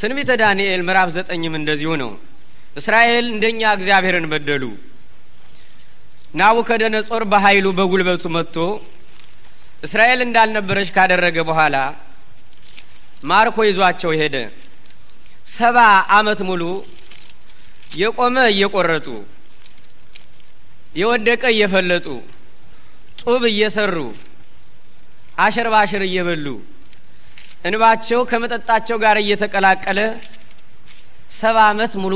ትንቢተ ዳንኤል ምዕራፍ ዘጠኝም እንደዚሁ ነው። እስራኤል እንደኛ እግዚአብሔርን በደሉ ናቡከደነጾር በኃይሉ በጉልበቱ መጥቶ እስራኤል እንዳልነበረች ካደረገ በኋላ ማርኮ ይዟቸው ሄደ። ሰባ አመት ሙሉ የቆመ እየቆረጡ የወደቀ እየፈለጡ ጡብ እየሰሩ አሽር ባሸር እየበሉ እንባቸው ከመጠጣቸው ጋር እየተቀላቀለ ሰባ አመት ሙሉ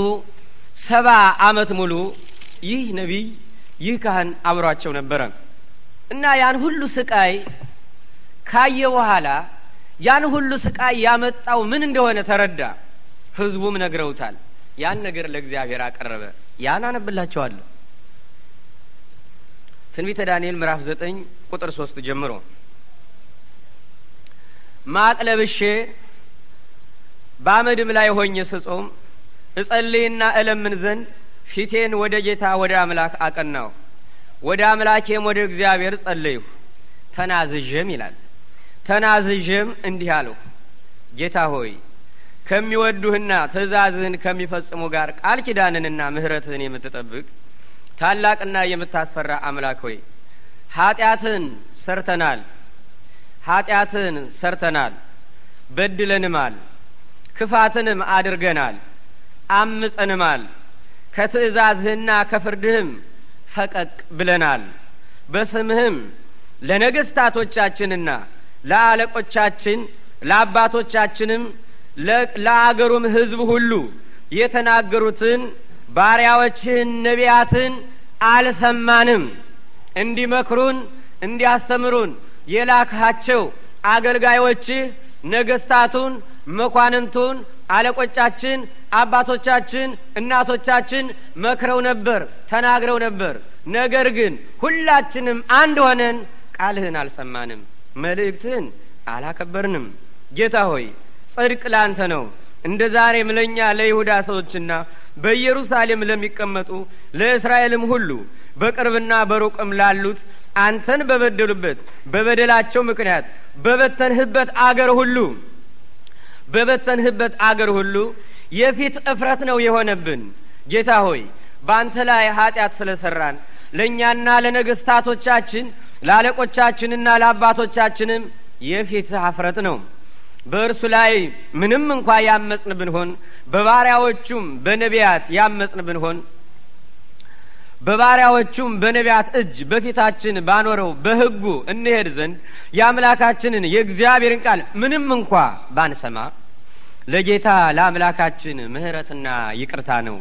ሰባ አመት ሙሉ ይህ ነቢይ ይህ ካህን አብሯቸው ነበረ እና ያን ሁሉ ስቃይ ካየ በኋላ ያን ሁሉ ስቃይ ያመጣው ምን እንደሆነ ተረዳ። ህዝቡም ነግረውታል። ያን ነገር ለእግዚአብሔር አቀረበ። ያን አነብላቸዋለሁ። ትንቢተ ዳንኤል ምዕራፍ ዘጠኝ ቁጥር ሶስት ጀምሮ ማቅ ለብሼ በአመድም ላይ ሆኜ ስጾም እጸልይና እለምን ዘንድ ፊቴን ወደ ጌታ ወደ አምላክ አቀናሁ፣ ወደ አምላኬም ወደ እግዚአብሔር ጸለይሁ፣ ተናዝዤም ይላል ተናዝዤም እንዲህ አለሁ፣ ጌታ ሆይ ከሚወዱህና ትእዛዝህን ከሚፈጽሙ ጋር ቃል ኪዳንንና ምሕረትህን የምትጠብቅ ታላቅና የምታስፈራ አምላክ ሆይ ኃጢአትን ሰርተናል፣ ኃጢአትን ሰርተናል፣ በድለንማል፣ ክፋትንም አድርገናል፣ አምጸንማል ከትእዛዝህና ከፍርድህም ፈቀቅ ብለናል። በስምህም ለነገስታቶቻችንና ለአለቆቻችን ለአባቶቻችንም ለአገሩም ሕዝብ ሁሉ የተናገሩትን ባሪያዎችህን ነቢያትን አልሰማንም። እንዲመክሩን እንዲያስተምሩን የላክሃቸው አገልጋዮችህ ነገስታቱን፣ መኳንንቱን፣ አለቆቻችን አባቶቻችን እናቶቻችን መክረው ነበር፣ ተናግረው ነበር። ነገር ግን ሁላችንም አንድ ሆነን ቃልህን አልሰማንም፣ መልእክትህን አላከበርንም። ጌታ ሆይ ጽድቅ ላንተ ነው። እንደ ዛሬም ለእኛ ለይሁዳ ሰዎችና በኢየሩሳሌም ለሚቀመጡ ለእስራኤልም ሁሉ በቅርብና በሩቅም ላሉት አንተን በበደሉበት በበደላቸው ምክንያት በበተንህበት አገር ሁሉ በበተንህበት አገር ሁሉ የፊት እፍረት ነው የሆነብን። ጌታ ሆይ በአንተ ላይ ኃጢአት ስለሰራን ለእኛና ለነገስታቶቻችን ለአለቆቻችንና ለአባቶቻችንም የፊት ሀፍረት ነው። በእርሱ ላይ ምንም እንኳ ያመጽን ብንሆን በባሪያዎቹም በነቢያት ያመጽን ብንሆን በባሪያዎቹም በነቢያት እጅ በፊታችን ባኖረው በሕጉ እንሄድ ዘንድ የአምላካችንን የእግዚአብሔርን ቃል ምንም እንኳ ባንሰማ ለጌታ ለአምላካችን ምህረትና ይቅርታ ነው።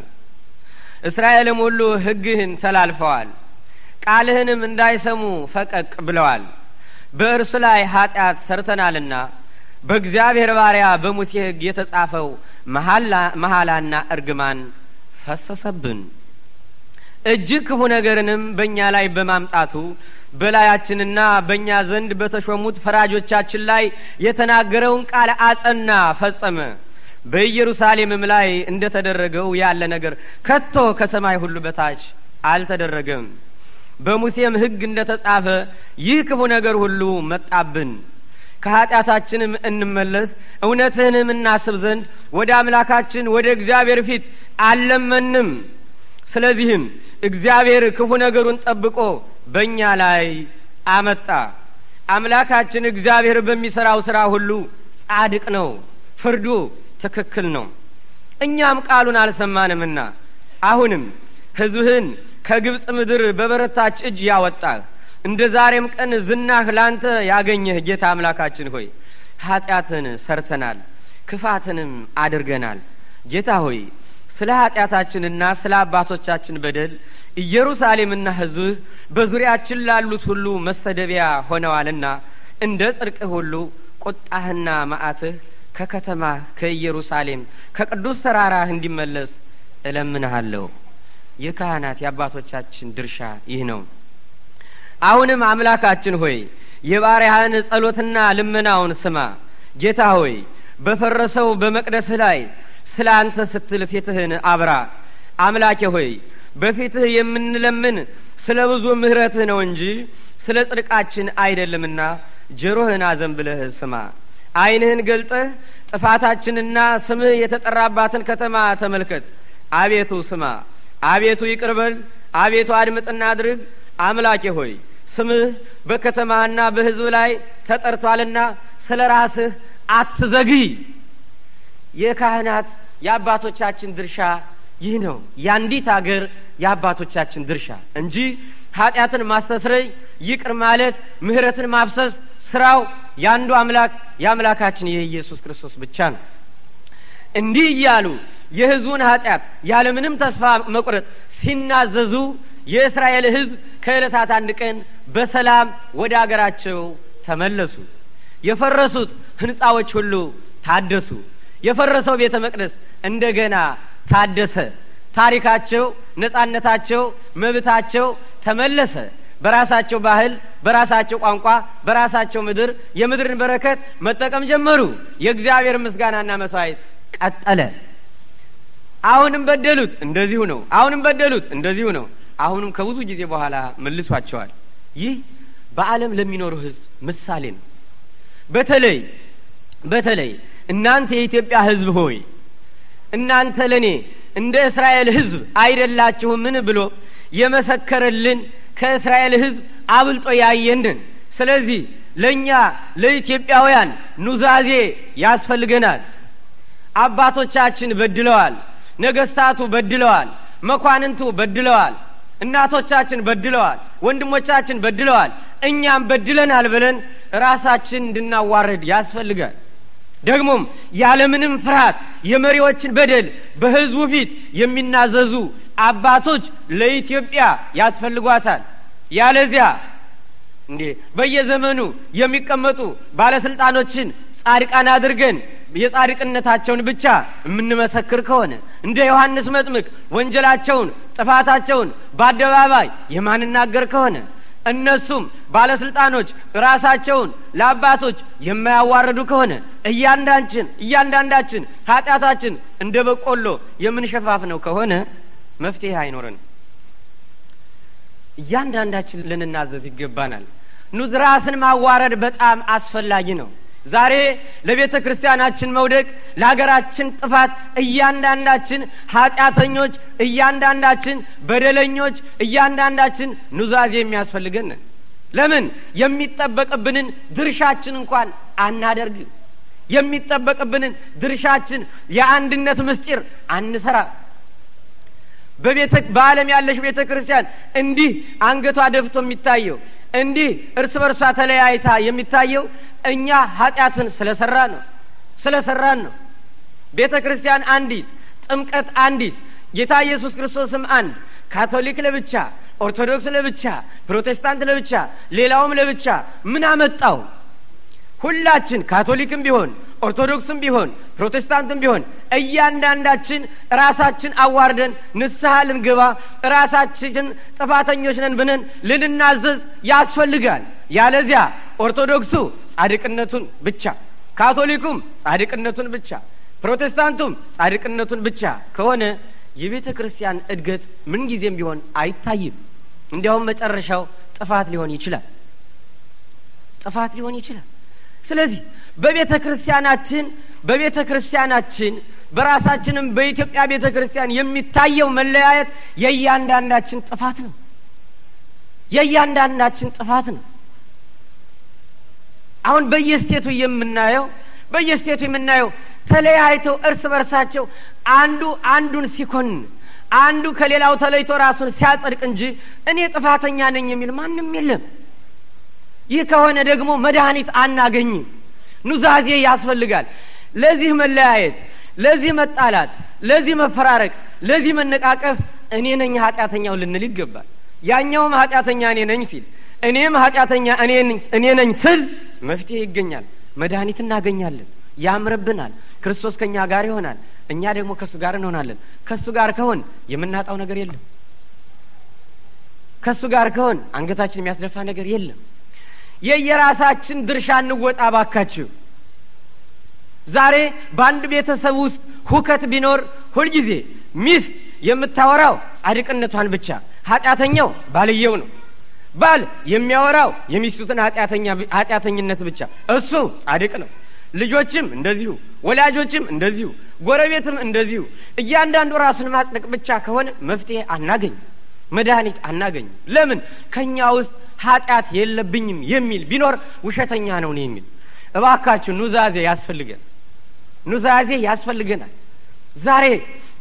እስራኤልም ሁሉ ሕግህን ተላልፈዋል፣ ቃልህንም እንዳይሰሙ ፈቀቅ ብለዋል። በእርሱ ላይ ኀጢአት ሰርተናልና በእግዚአብሔር ባሪያ በሙሴ ሕግ የተጻፈው መሐላና እርግማን ፈሰሰብን። እጅግ ክፉ ነገርንም በእኛ ላይ በማምጣቱ በላያችንና በእኛ ዘንድ በተሾሙት ፈራጆቻችን ላይ የተናገረውን ቃል አጸና፣ ፈጸመ። በኢየሩሳሌምም ላይ እንደ ተደረገው ያለ ነገር ከቶ ከሰማይ ሁሉ በታች አልተደረገም። በሙሴም ሕግ እንደ ተጻፈ ይህ ክፉ ነገር ሁሉ መጣብን። ከኃጢአታችንም እንመለስ እውነትህንም እናስብ ዘንድ ወደ አምላካችን ወደ እግዚአብሔር ፊት አልለመንም። ስለዚህም እግዚአብሔር ክፉ ነገሩን ጠብቆ በእኛ ላይ አመጣ። አምላካችን እግዚአብሔር በሚሰራው ስራ ሁሉ ጻድቅ ነው፣ ፍርዱ ትክክል ነው። እኛም ቃሉን አልሰማንምና አሁንም ሕዝብህን ከግብፅ ምድር በበረታች እጅ ያወጣህ እንደ ዛሬም ቀን ዝናህ ላንተ ያገኘህ ጌታ አምላካችን ሆይ ኀጢአትን ሰርተናል፣ ክፋትንም አድርገናል። ጌታ ሆይ ስለ ኃጢአታችንና ስለ አባቶቻችን በደል ኢየሩሳሌምና ሕዝብህ በዙሪያችን ላሉት ሁሉ መሰደቢያ ሆነዋልና እንደ ጽድቅህ ሁሉ ቁጣህና ማአትህ ከከተማህ ከኢየሩሳሌም ከቅዱስ ተራራህ እንዲመለስ እለምንሃለሁ። የካህናት የአባቶቻችን ድርሻ ይህ ነው። አሁንም አምላካችን ሆይ የባሪያህን ጸሎትና ልመናውን ስማ። ጌታ ሆይ በፈረሰው በመቅደስህ ላይ ስለ አንተ ስትል ፊትህን አብራ። አምላኬ ሆይ በፊትህ የምንለምን ስለ ብዙ ምሕረትህ ነው እንጂ ስለ ጽድቃችን አይደለምና ጆሮህን አዘንብለህ ስማ። ዓይንህን ገልጠህ ጥፋታችንና ስምህ የተጠራባትን ከተማ ተመልከት። አቤቱ ስማ፣ አቤቱ ይቅርበል፣ አቤቱ አድምጥና አድርግ። አምላኬ ሆይ ስምህ በከተማና በሕዝብ ላይ ተጠርቷልና ስለ ራስህ አትዘግይ። የካህናት የአባቶቻችን ድርሻ ይህ ነው። የአንዲት አገር የአባቶቻችን ድርሻ እንጂ ኃጢአትን ማስተስረይ፣ ይቅር ማለት፣ ምህረትን ማብሰስ ስራው የአንዱ አምላክ የአምላካችን የኢየሱስ ክርስቶስ ብቻ ነው። እንዲህ እያሉ የህዝቡን ኃጢአት ያለምንም ተስፋ መቁረጥ ሲናዘዙ የእስራኤል ህዝብ ከዕለታት አንድ ቀን በሰላም ወደ አገራቸው ተመለሱ። የፈረሱት ሕንፃዎች ሁሉ ታደሱ። የፈረሰው ቤተ መቅደስ እንደገና ታደሰ። ታሪካቸው፣ ነጻነታቸው፣ መብታቸው ተመለሰ። በራሳቸው ባህል፣ በራሳቸው ቋንቋ፣ በራሳቸው ምድር የምድርን በረከት መጠቀም ጀመሩ። የእግዚአብሔር ምስጋናና መስዋዕት ቀጠለ። አሁንም በደሉት፣ እንደዚሁ ነው። አሁንም በደሉት፣ እንደዚሁ ነው። አሁንም ከብዙ ጊዜ በኋላ መልሷቸዋል። ይህ በዓለም ለሚኖሩ ሕዝብ ምሳሌ ነው። በተለይ በተለይ እናንተ የኢትዮጵያ ህዝብ ሆይ እናንተ ለእኔ እንደ እስራኤል አይደላችሁ አይደላችሁምን ብሎ የመሰከረልን ከእስራኤል ህዝብ አብልጦ ያየንን። ስለዚህ ለእኛ ለኢትዮጵያውያን ኑዛዜ ያስፈልገናል። አባቶቻችን በድለዋል። ነገስታቱ በድለዋል። መኳንንቱ በድለዋል። እናቶቻችን በድለዋል። ወንድሞቻችን በድለዋል። እኛም በድለናል ብለን ራሳችን እንድናዋረድ ያስፈልጋል። ደግሞም ያለምንም ፍርሃት የመሪዎችን በደል በህዝቡ ፊት የሚናዘዙ አባቶች ለኢትዮጵያ ያስፈልጓታል። ያለዚያ እንዴ በየዘመኑ የሚቀመጡ ባለስልጣኖችን ጻድቃን አድርገን የጻድቅነታቸውን ብቻ የምንመሰክር ከሆነ እንደ ዮሐንስ መጥምቅ ወንጀላቸውን፣ ጥፋታቸውን በአደባባይ የማንናገር ከሆነ እነሱም ባለስልጣኖች ራሳቸውን ለአባቶች የማያዋርዱ ከሆነ እያንዳንችን እያንዳንዳችን ኃጢአታችን እንደ በቆሎ የምንሸፋፍነው ከሆነ መፍትሄ አይኖረን እያንዳንዳችን ልንናዘዝ ይገባናል። ኑዝ ራስን ማዋረድ በጣም አስፈላጊ ነው። ዛሬ ለቤተ ክርስቲያናችን መውደቅ፣ ለሀገራችን ጥፋት እያንዳንዳችን ኃጢአተኞች፣ እያንዳንዳችን በደለኞች፣ እያንዳንዳችን ኑዛዜ የሚያስፈልገን ለምን የሚጠበቅብንን ድርሻችን እንኳን አናደርግም? የሚጠበቅብንን ድርሻችን የአንድነት ምስጢር አንሰራ። በቤተ በዓለም ያለሽ ቤተ ክርስቲያን እንዲህ አንገቷ ደፍቶ የሚታየው እንዲህ እርስ በርሷ ተለያይታ የሚታየው እኛ ኃጢአትን ስለሰራ ነው ስለሰራን ነው። ቤተ ክርስቲያን አንዲት፣ ጥምቀት አንዲት፣ ጌታ ኢየሱስ ክርስቶስም አንድ። ካቶሊክ ለብቻ፣ ኦርቶዶክስ ለብቻ፣ ፕሮቴስታንት ለብቻ፣ ሌላውም ለብቻ ምን አመጣው? ሁላችን ካቶሊክም ቢሆን ኦርቶዶክስም ቢሆን ፕሮቴስታንትም ቢሆን እያንዳንዳችን ራሳችን አዋርደን ንስሐ ልንገባ ራሳችን ጥፋተኞች ነን ብንን ልንናዘዝ ያስፈልጋል። ያለዚያ ኦርቶዶክሱ ጻድቅነቱን ብቻ፣ ካቶሊኩም ጻድቅነቱን ብቻ፣ ፕሮቴስታንቱም ጻድቅነቱን ብቻ ከሆነ የቤተ ክርስቲያን እድገት ምንጊዜም ቢሆን አይታይም። እንዲያውም መጨረሻው ጥፋት ሊሆን ይችላል፣ ጥፋት ሊሆን ይችላል። ስለዚህ በቤተ ክርስቲያናችን በቤተ ክርስቲያናችን በራሳችንም በኢትዮጵያ ቤተ ክርስቲያን የሚታየው መለያየት የእያንዳንዳችን ጥፋት ነው። የእያንዳንዳችን ጥፋት ነው። አሁን በየስቴቱ የምናየው በየስቴቱ የምናየው ተለያይተው እርስ በርሳቸው አንዱ አንዱን ሲኮን አንዱ ከሌላው ተለይቶ ራሱን ሲያጸድቅ እንጂ እኔ ጥፋተኛ ነኝ የሚል ማንም የለም። ይህ ከሆነ ደግሞ መድኃኒት አናገኝም። ኑዛዜ ያስፈልጋል። ለዚህ መለያየት፣ ለዚህ መጣላት፣ ለዚህ መፈራረቅ፣ ለዚህ መነቃቀፍ እኔ ነኝ ኃጢአተኛው ልንል ይገባል። ያኛውም ኃጢአተኛ እኔ ነኝ ሲል እኔም ኃጢአተኛ እኔ ነኝ ስል መፍትሄ ይገኛል፣ መድኃኒት እናገኛለን፣ ያምርብናል። ክርስቶስ ከእኛ ጋር ይሆናል፣ እኛ ደግሞ ከእሱ ጋር እንሆናለን። ከእሱ ጋር ከሆን የምናጣው ነገር የለም። ከእሱ ጋር ከሆን አንገታችን የሚያስደፋ ነገር የለም። የየራሳችን ድርሻ እንወጣ ባካችሁ። ዛሬ በአንድ ቤተሰብ ውስጥ ሁከት ቢኖር ሁልጊዜ ሚስት የምታወራው ጻድቅነቷን ብቻ፣ ኃጢአተኛው ባልየው ነው። ባል የሚያወራው የሚስቱትን ኃጢአተኝነት ብቻ፣ እሱ ጻድቅ ነው። ልጆችም እንደዚሁ፣ ወላጆችም እንደዚሁ፣ ጎረቤትም እንደዚሁ። እያንዳንዱ ራሱን ማጽደቅ ብቻ ከሆነ መፍትሄ አናገኝም፣ መድኃኒት አናገኝ። ለምን ከእኛ ውስጥ ኃጢአት የለብኝም የሚል ቢኖር ውሸተኛ ነው የሚል እባካችሁ፣ ኑዛዜ ያስፈልገን፣ ኑዛዜ ያስፈልገናል። ዛሬ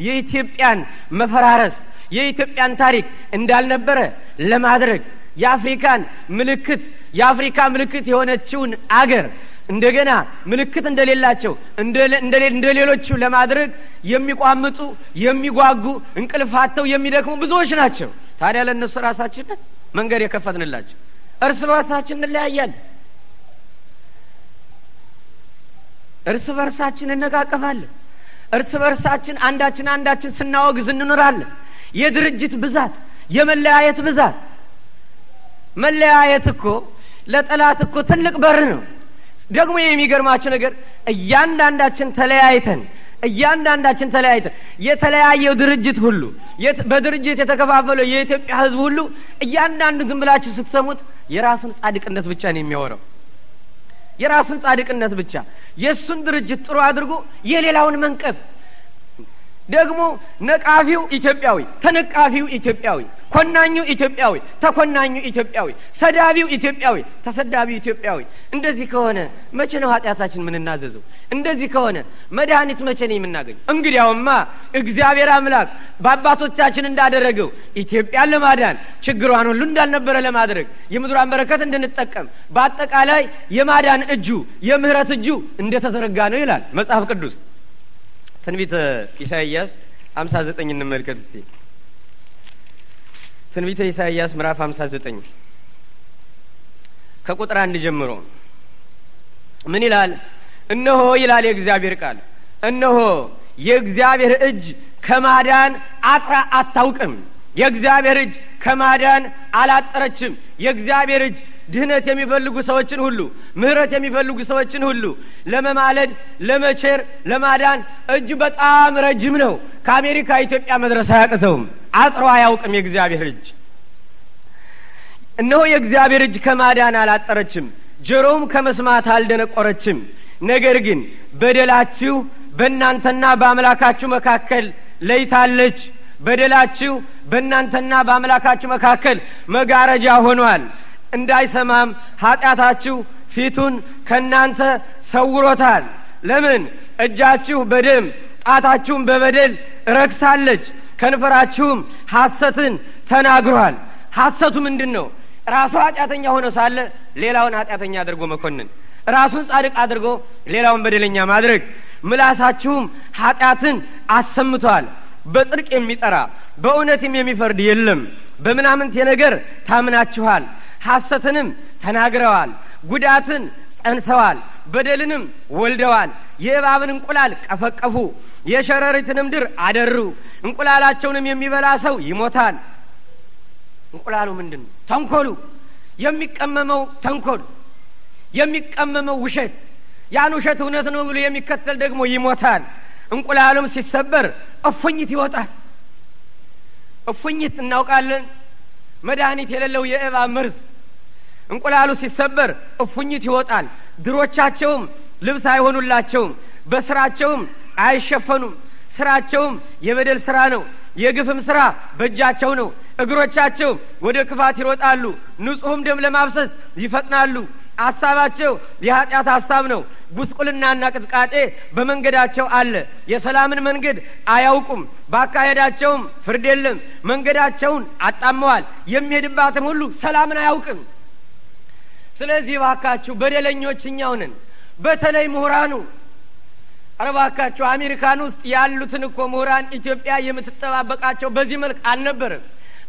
የኢትዮጵያን መፈራረስ የኢትዮጵያን ታሪክ እንዳልነበረ ለማድረግ የአፍሪካን ምልክት የአፍሪካ ምልክት የሆነችውን አገር እንደገና ምልክት እንደሌላቸው እንደ ሌሎቹ ለማድረግ የሚቋምጡ የሚጓጉ እንቅልፋተው የሚደክሙ ብዙዎች ናቸው። ታዲያ ለእነሱ ራሳችን መንገድ የከፈትንላቸው እርስ በርሳችን እንለያያል እርስ በርሳችን እነቃቀፋለን፣ እርስ በርሳችን አንዳችን አንዳችን ስናወግዝ እንኖራለን። የድርጅት ብዛት፣ የመለያየት ብዛት መለያየት እኮ ለጠላት እኮ ትልቅ በር ነው። ደግሞ የሚገርማቸው ነገር እያንዳንዳችን ተለያይተን እያንዳንዳችን ተለያይተን የተለያየው ድርጅት ሁሉ በድርጅት የተከፋፈለው የኢትዮጵያ ሕዝብ ሁሉ እያንዳንዱ ዝም ብላችሁ ስትሰሙት የራሱን ጻድቅነት ብቻ ነው የሚያወራው። የራሱን ጻድቅነት ብቻ የእሱን ድርጅት ጥሩ አድርጎ የሌላውን መንቀብ ደግሞ ነቃፊው ኢትዮጵያዊ፣ ተነቃፊው ኢትዮጵያዊ፣ ኮናኙ ኢትዮጵያዊ፣ ተኮናኙ ኢትዮጵያዊ፣ ሰዳቢው ኢትዮጵያዊ፣ ተሰዳቢው ኢትዮጵያዊ። እንደዚህ ከሆነ መቼ ነው ኃጢአታችን ምንናዘዘው እንደዚህ ከሆነ መድኃኒት መቼ ነው የምናገኘው? እንግዲያውማ እግዚአብሔር አምላክ በአባቶቻችን እንዳደረገው ኢትዮጵያን ለማዳን ችግሯን ሁሉ እንዳልነበረ ለማድረግ የምድሯን በረከት እንድንጠቀም በአጠቃላይ የማዳን እጁ የምህረት እጁ እንደተዘረጋ ነው ይላል መጽሐፍ ቅዱስ። ትንቢተ ኢሳይያስ 59 እንመልከት እስቲ። ትንቢተ ኢሳይያስ ምዕራፍ 59 ከቁጥር አንድ ጀምሮ ምን ይላል? እነሆ ይላል የእግዚአብሔር ቃል፣ እነሆ የእግዚአብሔር እጅ ከማዳን አጥራ አታውቅም። የእግዚአብሔር እጅ ከማዳን አላጠረችም። የእግዚአብሔር እጅ ድህነት የሚፈልጉ ሰዎችን ሁሉ ምህረት የሚፈልጉ ሰዎችን ሁሉ ለመማለድ ለመቼር ለማዳን እጅ በጣም ረጅም ነው። ከአሜሪካ ኢትዮጵያ መድረስ አያቅተውም። አጥሮ አያውቅም የእግዚአብሔር እጅ። እነሆ የእግዚአብሔር እጅ ከማዳን አላጠረችም፣ ጆሮውም ከመስማት አልደነቆረችም። ነገር ግን በደላችሁ በእናንተና በአምላካችሁ መካከል ለይታለች። በደላችሁ በእናንተና በአምላካችሁ መካከል መጋረጃ ሆኗል። እንዳይሰማም ኃጢአታችሁ ፊቱን ከእናንተ ሰውሮታል። ለምን? እጃችሁ በደም ጣታችሁም በበደል ረክሳለች፣ ከንፈራችሁም ሐሰትን ተናግሯል። ሐሰቱ ምንድን ነው? ራሱ ኃጢአተኛ ሆኖ ሳለ ሌላውን ኃጢአተኛ አድርጎ መኮንን፣ ራሱን ጻድቅ አድርጎ ሌላውን በደለኛ ማድረግ። ምላሳችሁም ኃጢአትን አሰምቷል። በጽድቅ የሚጠራ በእውነትም የሚፈርድ የለም። በምናምንቴ ነገር ታምናችኋል ሐሰትንም ተናግረዋል፣ ጉዳትን ጸንሰዋል፣ በደልንም ወልደዋል። የእባብን እንቁላል ቀፈቀፉ፣ የሸረሪትንም ድር አደሩ። እንቁላላቸውንም የሚበላ ሰው ይሞታል። እንቁላሉ ምንድን ነው? ተንኮሉ፣ የሚቀመመው ተንኮል፣ የሚቀመመው ውሸት። ያን ውሸት እውነት ነው ብሎ የሚከተል ደግሞ ይሞታል። እንቁላሉም ሲሰበር እፉኝት ይወጣል። እፉኝት እናውቃለን። መድኃኒት የሌለው የእባብ መርዝ እንቁላሉ ሲሰበር እፉኝት ይወጣል። ድሮቻቸውም ልብስ አይሆኑላቸውም፣ በስራቸውም አይሸፈኑም። ስራቸውም የበደል ስራ ነው፣ የግፍም ስራ በእጃቸው ነው። እግሮቻቸው ወደ ክፋት ይሮጣሉ፣ ንጹሕም ደም ለማፍሰስ ይፈጥናሉ። አሳባቸው የኃጢአት ሀሳብ ነው። ጉስቁልናና ቅጥቃጤ በመንገዳቸው አለ። የሰላምን መንገድ አያውቁም፣ በአካሄዳቸውም ፍርድ የለም። መንገዳቸውን አጣመዋል፣ የሚሄድባትም ሁሉ ሰላምን አያውቅም። ስለዚህ ባካችሁ በደለኞች እኛውንን በተለይ ምሁራኑ አረባካችሁ አሜሪካን ውስጥ ያሉትን እኮ ምሁራን ኢትዮጵያ የምትጠባበቃቸው በዚህ መልክ አልነበረም።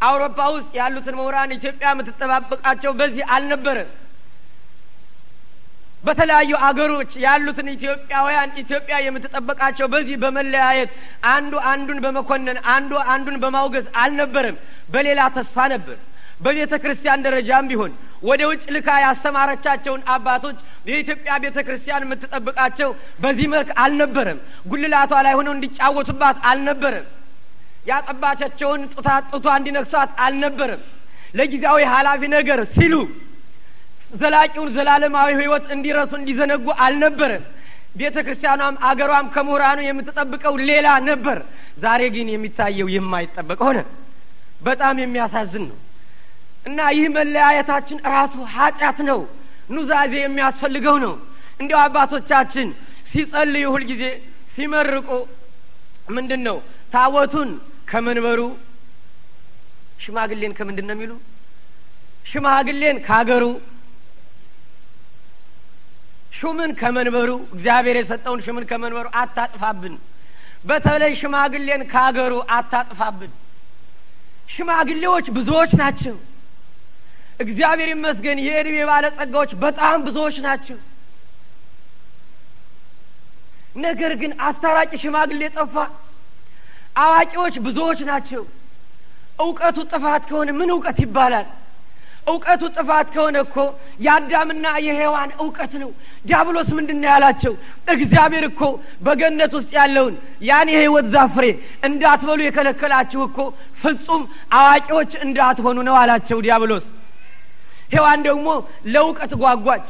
አውሮፓ ውስጥ ያሉትን ምሁራን ኢትዮጵያ የምትጠባበቃቸው በዚህ አልነበረም። በተለያዩ አገሮች ያሉትን ኢትዮጵያውያን ኢትዮጵያ የምትጠበቃቸው በዚህ በመለያየት አንዱ አንዱን በመኮነን አንዱ አንዱን በማውገዝ አልነበረም። በሌላ ተስፋ ነበር። በቤተ ክርስቲያን ደረጃም ቢሆን ወደ ውጭ ልካ ያስተማረቻቸውን አባቶች የኢትዮጵያ ቤተ ክርስቲያን የምትጠብቃቸው በዚህ መልክ አልነበረም። ጉልላቷ ላይ ሆነው እንዲጫወቱባት አልነበረም። ያጠባቻቸውን ጡታት ጡቷ እንዲነክሷት አልነበረም። ለጊዜያዊ ኃላፊ ነገር ሲሉ ዘላቂውን ዘላለማዊ ሕይወት እንዲረሱ እንዲዘነጉ አልነበረም። ቤተ ክርስቲያኗም አገሯም ከምሁራኑ የምትጠብቀው ሌላ ነበር። ዛሬ ግን የሚታየው የማይጠበቅ ሆነ። በጣም የሚያሳዝን ነው። እና ይህ መለያየታችን ራሱ ኃጢአት ነው፣ ኑዛዜ የሚያስፈልገው ነው። እንዲሁ አባቶቻችን ሲጸልዩ ሁልጊዜ ሲመርቁ ምንድን ነው ታቦቱን ከመንበሩ ሽማግሌን ከምንድን ነው የሚሉ ሽማግሌን ካገሩ ሹምን ከመንበሩ እግዚአብሔር የሰጠውን ሹምን ከመንበሩ አታጥፋብን። በተለይ ሽማግሌን ካገሩ አታጥፋብን። ሽማግሌዎች ብዙዎች ናቸው። እግዚአብሔር ይመስገን የዕድሜ ባለጸጋዎች በጣም ብዙዎች ናቸው። ነገር ግን አስታራቂ ሽማግሌ ጠፋ። አዋቂዎች ብዙዎች ናቸው። እውቀቱ ጥፋት ከሆነ ምን እውቀት ይባላል? እውቀቱ ጥፋት ከሆነ እኮ የአዳምና የሔዋን እውቀት ነው። ዲያብሎስ ምንድን ነው ያላቸው? እግዚአብሔር እኮ በገነት ውስጥ ያለውን ያን የሕይወት ዛፍ ፍሬ እንዳትበሉ የከለከላችሁ እኮ ፍጹም አዋቂዎች እንዳትሆኑ ነው አላቸው ዲያብሎስ። ሔዋን ደግሞ ለእውቀት ጓጓች።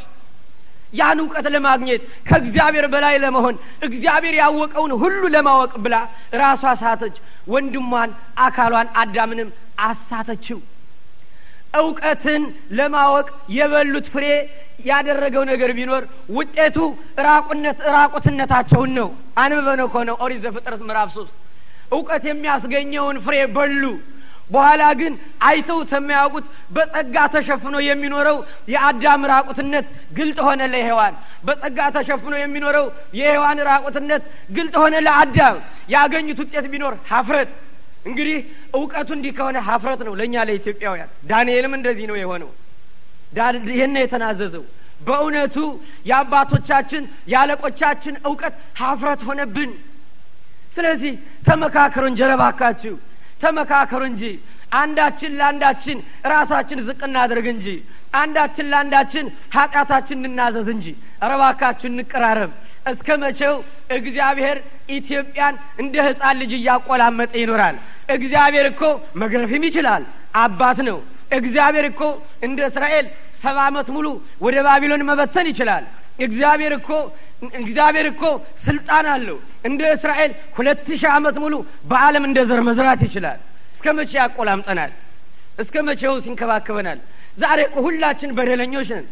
ያን እውቀት ለማግኘት ከእግዚአብሔር በላይ ለመሆን እግዚአብሔር ያወቀውን ሁሉ ለማወቅ ብላ ራሷ ሳተች። ወንድሟን አካሏን አዳምንም አሳተችው። እውቀትን ለማወቅ የበሉት ፍሬ ያደረገው ነገር ቢኖር ውጤቱ ራቁነት ራቁትነታቸውን ነው። አንብበነ ከሆነ ኦሪት ዘፍጥረት ምዕራፍ ሶስት እውቀት የሚያስገኘውን ፍሬ በሉ። በኋላ ግን አይተውት የማያውቁት በጸጋ ተሸፍኖ የሚኖረው የአዳም ራቁትነት ግልጥ ሆነ ለሔዋን። በጸጋ ተሸፍኖ የሚኖረው የሔዋን ራቁትነት ግልጥ ሆነ ለአዳም። ያገኙት ውጤት ቢኖር ሀፍረት። እንግዲህ እውቀቱ እንዲህ ከሆነ ሀፍረት ነው ለእኛ ለኢትዮጵያውያን። ዳንኤልም እንደዚህ ነው የሆነው። ይህን የተናዘዘው በእውነቱ የአባቶቻችን የአለቆቻችን እውቀት ሀፍረት ሆነብን። ስለዚህ ተመካከሩን ጀረባካችሁ ተመካከሩ እንጂ አንዳችን ለአንዳችን ራሳችን ዝቅ እናድርግ እንጂ አንዳችን ለአንዳችን ኃጢአታችን እንናዘዝ እንጂ ረባካችን እንቀራረብ። እስከ መቼው እግዚአብሔር ኢትዮጵያን እንደ ህፃን ልጅ እያቆላመጠ ይኖራል? እግዚአብሔር እኮ መግረፍም ይችላል፣ አባት ነው። እግዚአብሔር እኮ እንደ እስራኤል ሰባ ዓመት ሙሉ ወደ ባቢሎን መበተን ይችላል። እግዚአብሔር እኮ እግዚአብሔር እኮ ስልጣን አለው። እንደ እስራኤል ሁለት ሺህ ዓመት ሙሉ በዓለም እንደ ዘር መዝራት ይችላል። እስከ መቼ ያቆላምጠናል? እስከ መቼው ሲንከባከበናል? ዛሬ እኮ ሁላችን በደለኞች ነን።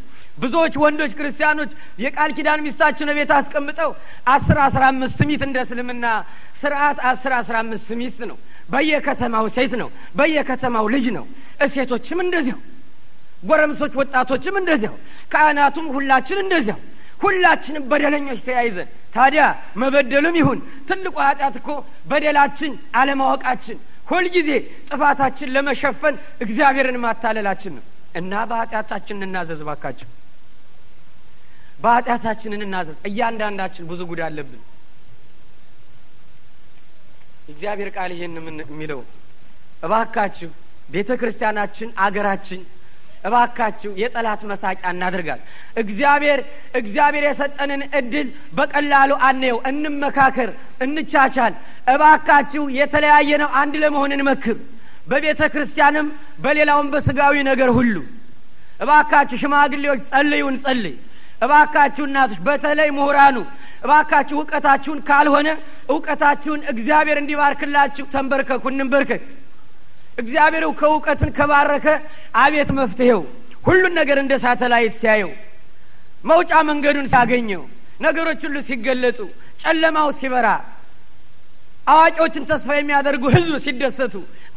ብዙዎች ወንዶች ክርስቲያኖች የቃል ኪዳን ሚስታችን ቤት አስቀምጠው አስር አስራ አምስት ሚስት እንደ እስልምና ስርዓት አስር አስራ አምስት ሚስት ነው። በየከተማው ሴት ነው፣ በየከተማው ልጅ ነው። እሴቶችም እንደዚያው፣ ጎረምሶች ወጣቶችም እንደዚያው፣ ካህናቱም ሁላችን እንደዚያው ሁላችንም በደለኞች ተያይዘን ታዲያ መበደሉም ይሁን ትልቁ ኃጢአት እኮ በደላችን አለማወቃችን፣ ሁልጊዜ ጥፋታችን ለመሸፈን እግዚአብሔርን ማታለላችን ነው። እና በኃጢአታችን እናዘዝ ባካቸው፣ በኃጢአታችን እናዘዝ። እያንዳንዳችን ብዙ ጉድ አለብን። እግዚአብሔር ቃል ይሄን የሚለው እባካችሁ ቤተ ክርስቲያናችን አገራችን እባካችሁ የጠላት መሳቂያ እናድርጋል። እግዚአብሔር እግዚአብሔር የሰጠንን እድል በቀላሉ አንየው። እንመካከር፣ እንቻቻል። እባካችሁ የተለያየ ነው፣ አንድ ለመሆን እንመክር። በቤተ ክርስቲያንም በሌላውም በስጋዊ ነገር ሁሉ እባካችሁ ሽማግሌዎች ጸልዩ፣ እንጸልይ። እባካችሁ እናቶች፣ በተለይ ምሁራኑ እባካችሁ እውቀታችሁን ካልሆነ እውቀታችሁን እግዚአብሔር እንዲባርክላችሁ ተንበርከኩ፣ እንንበርከክ። እግዚአብሔር ከእውቀትን ከባረከ አቤት መፍትሄው ሁሉን ነገር እንደ ሳተላይት ሲያየው መውጫ መንገዱን ሲያገኘው ነገሮች ሁሉ ሲገለጡ ጨለማው ሲበራ አዋቂዎችን ተስፋ የሚያደርጉ ህዝብ ሲደሰቱ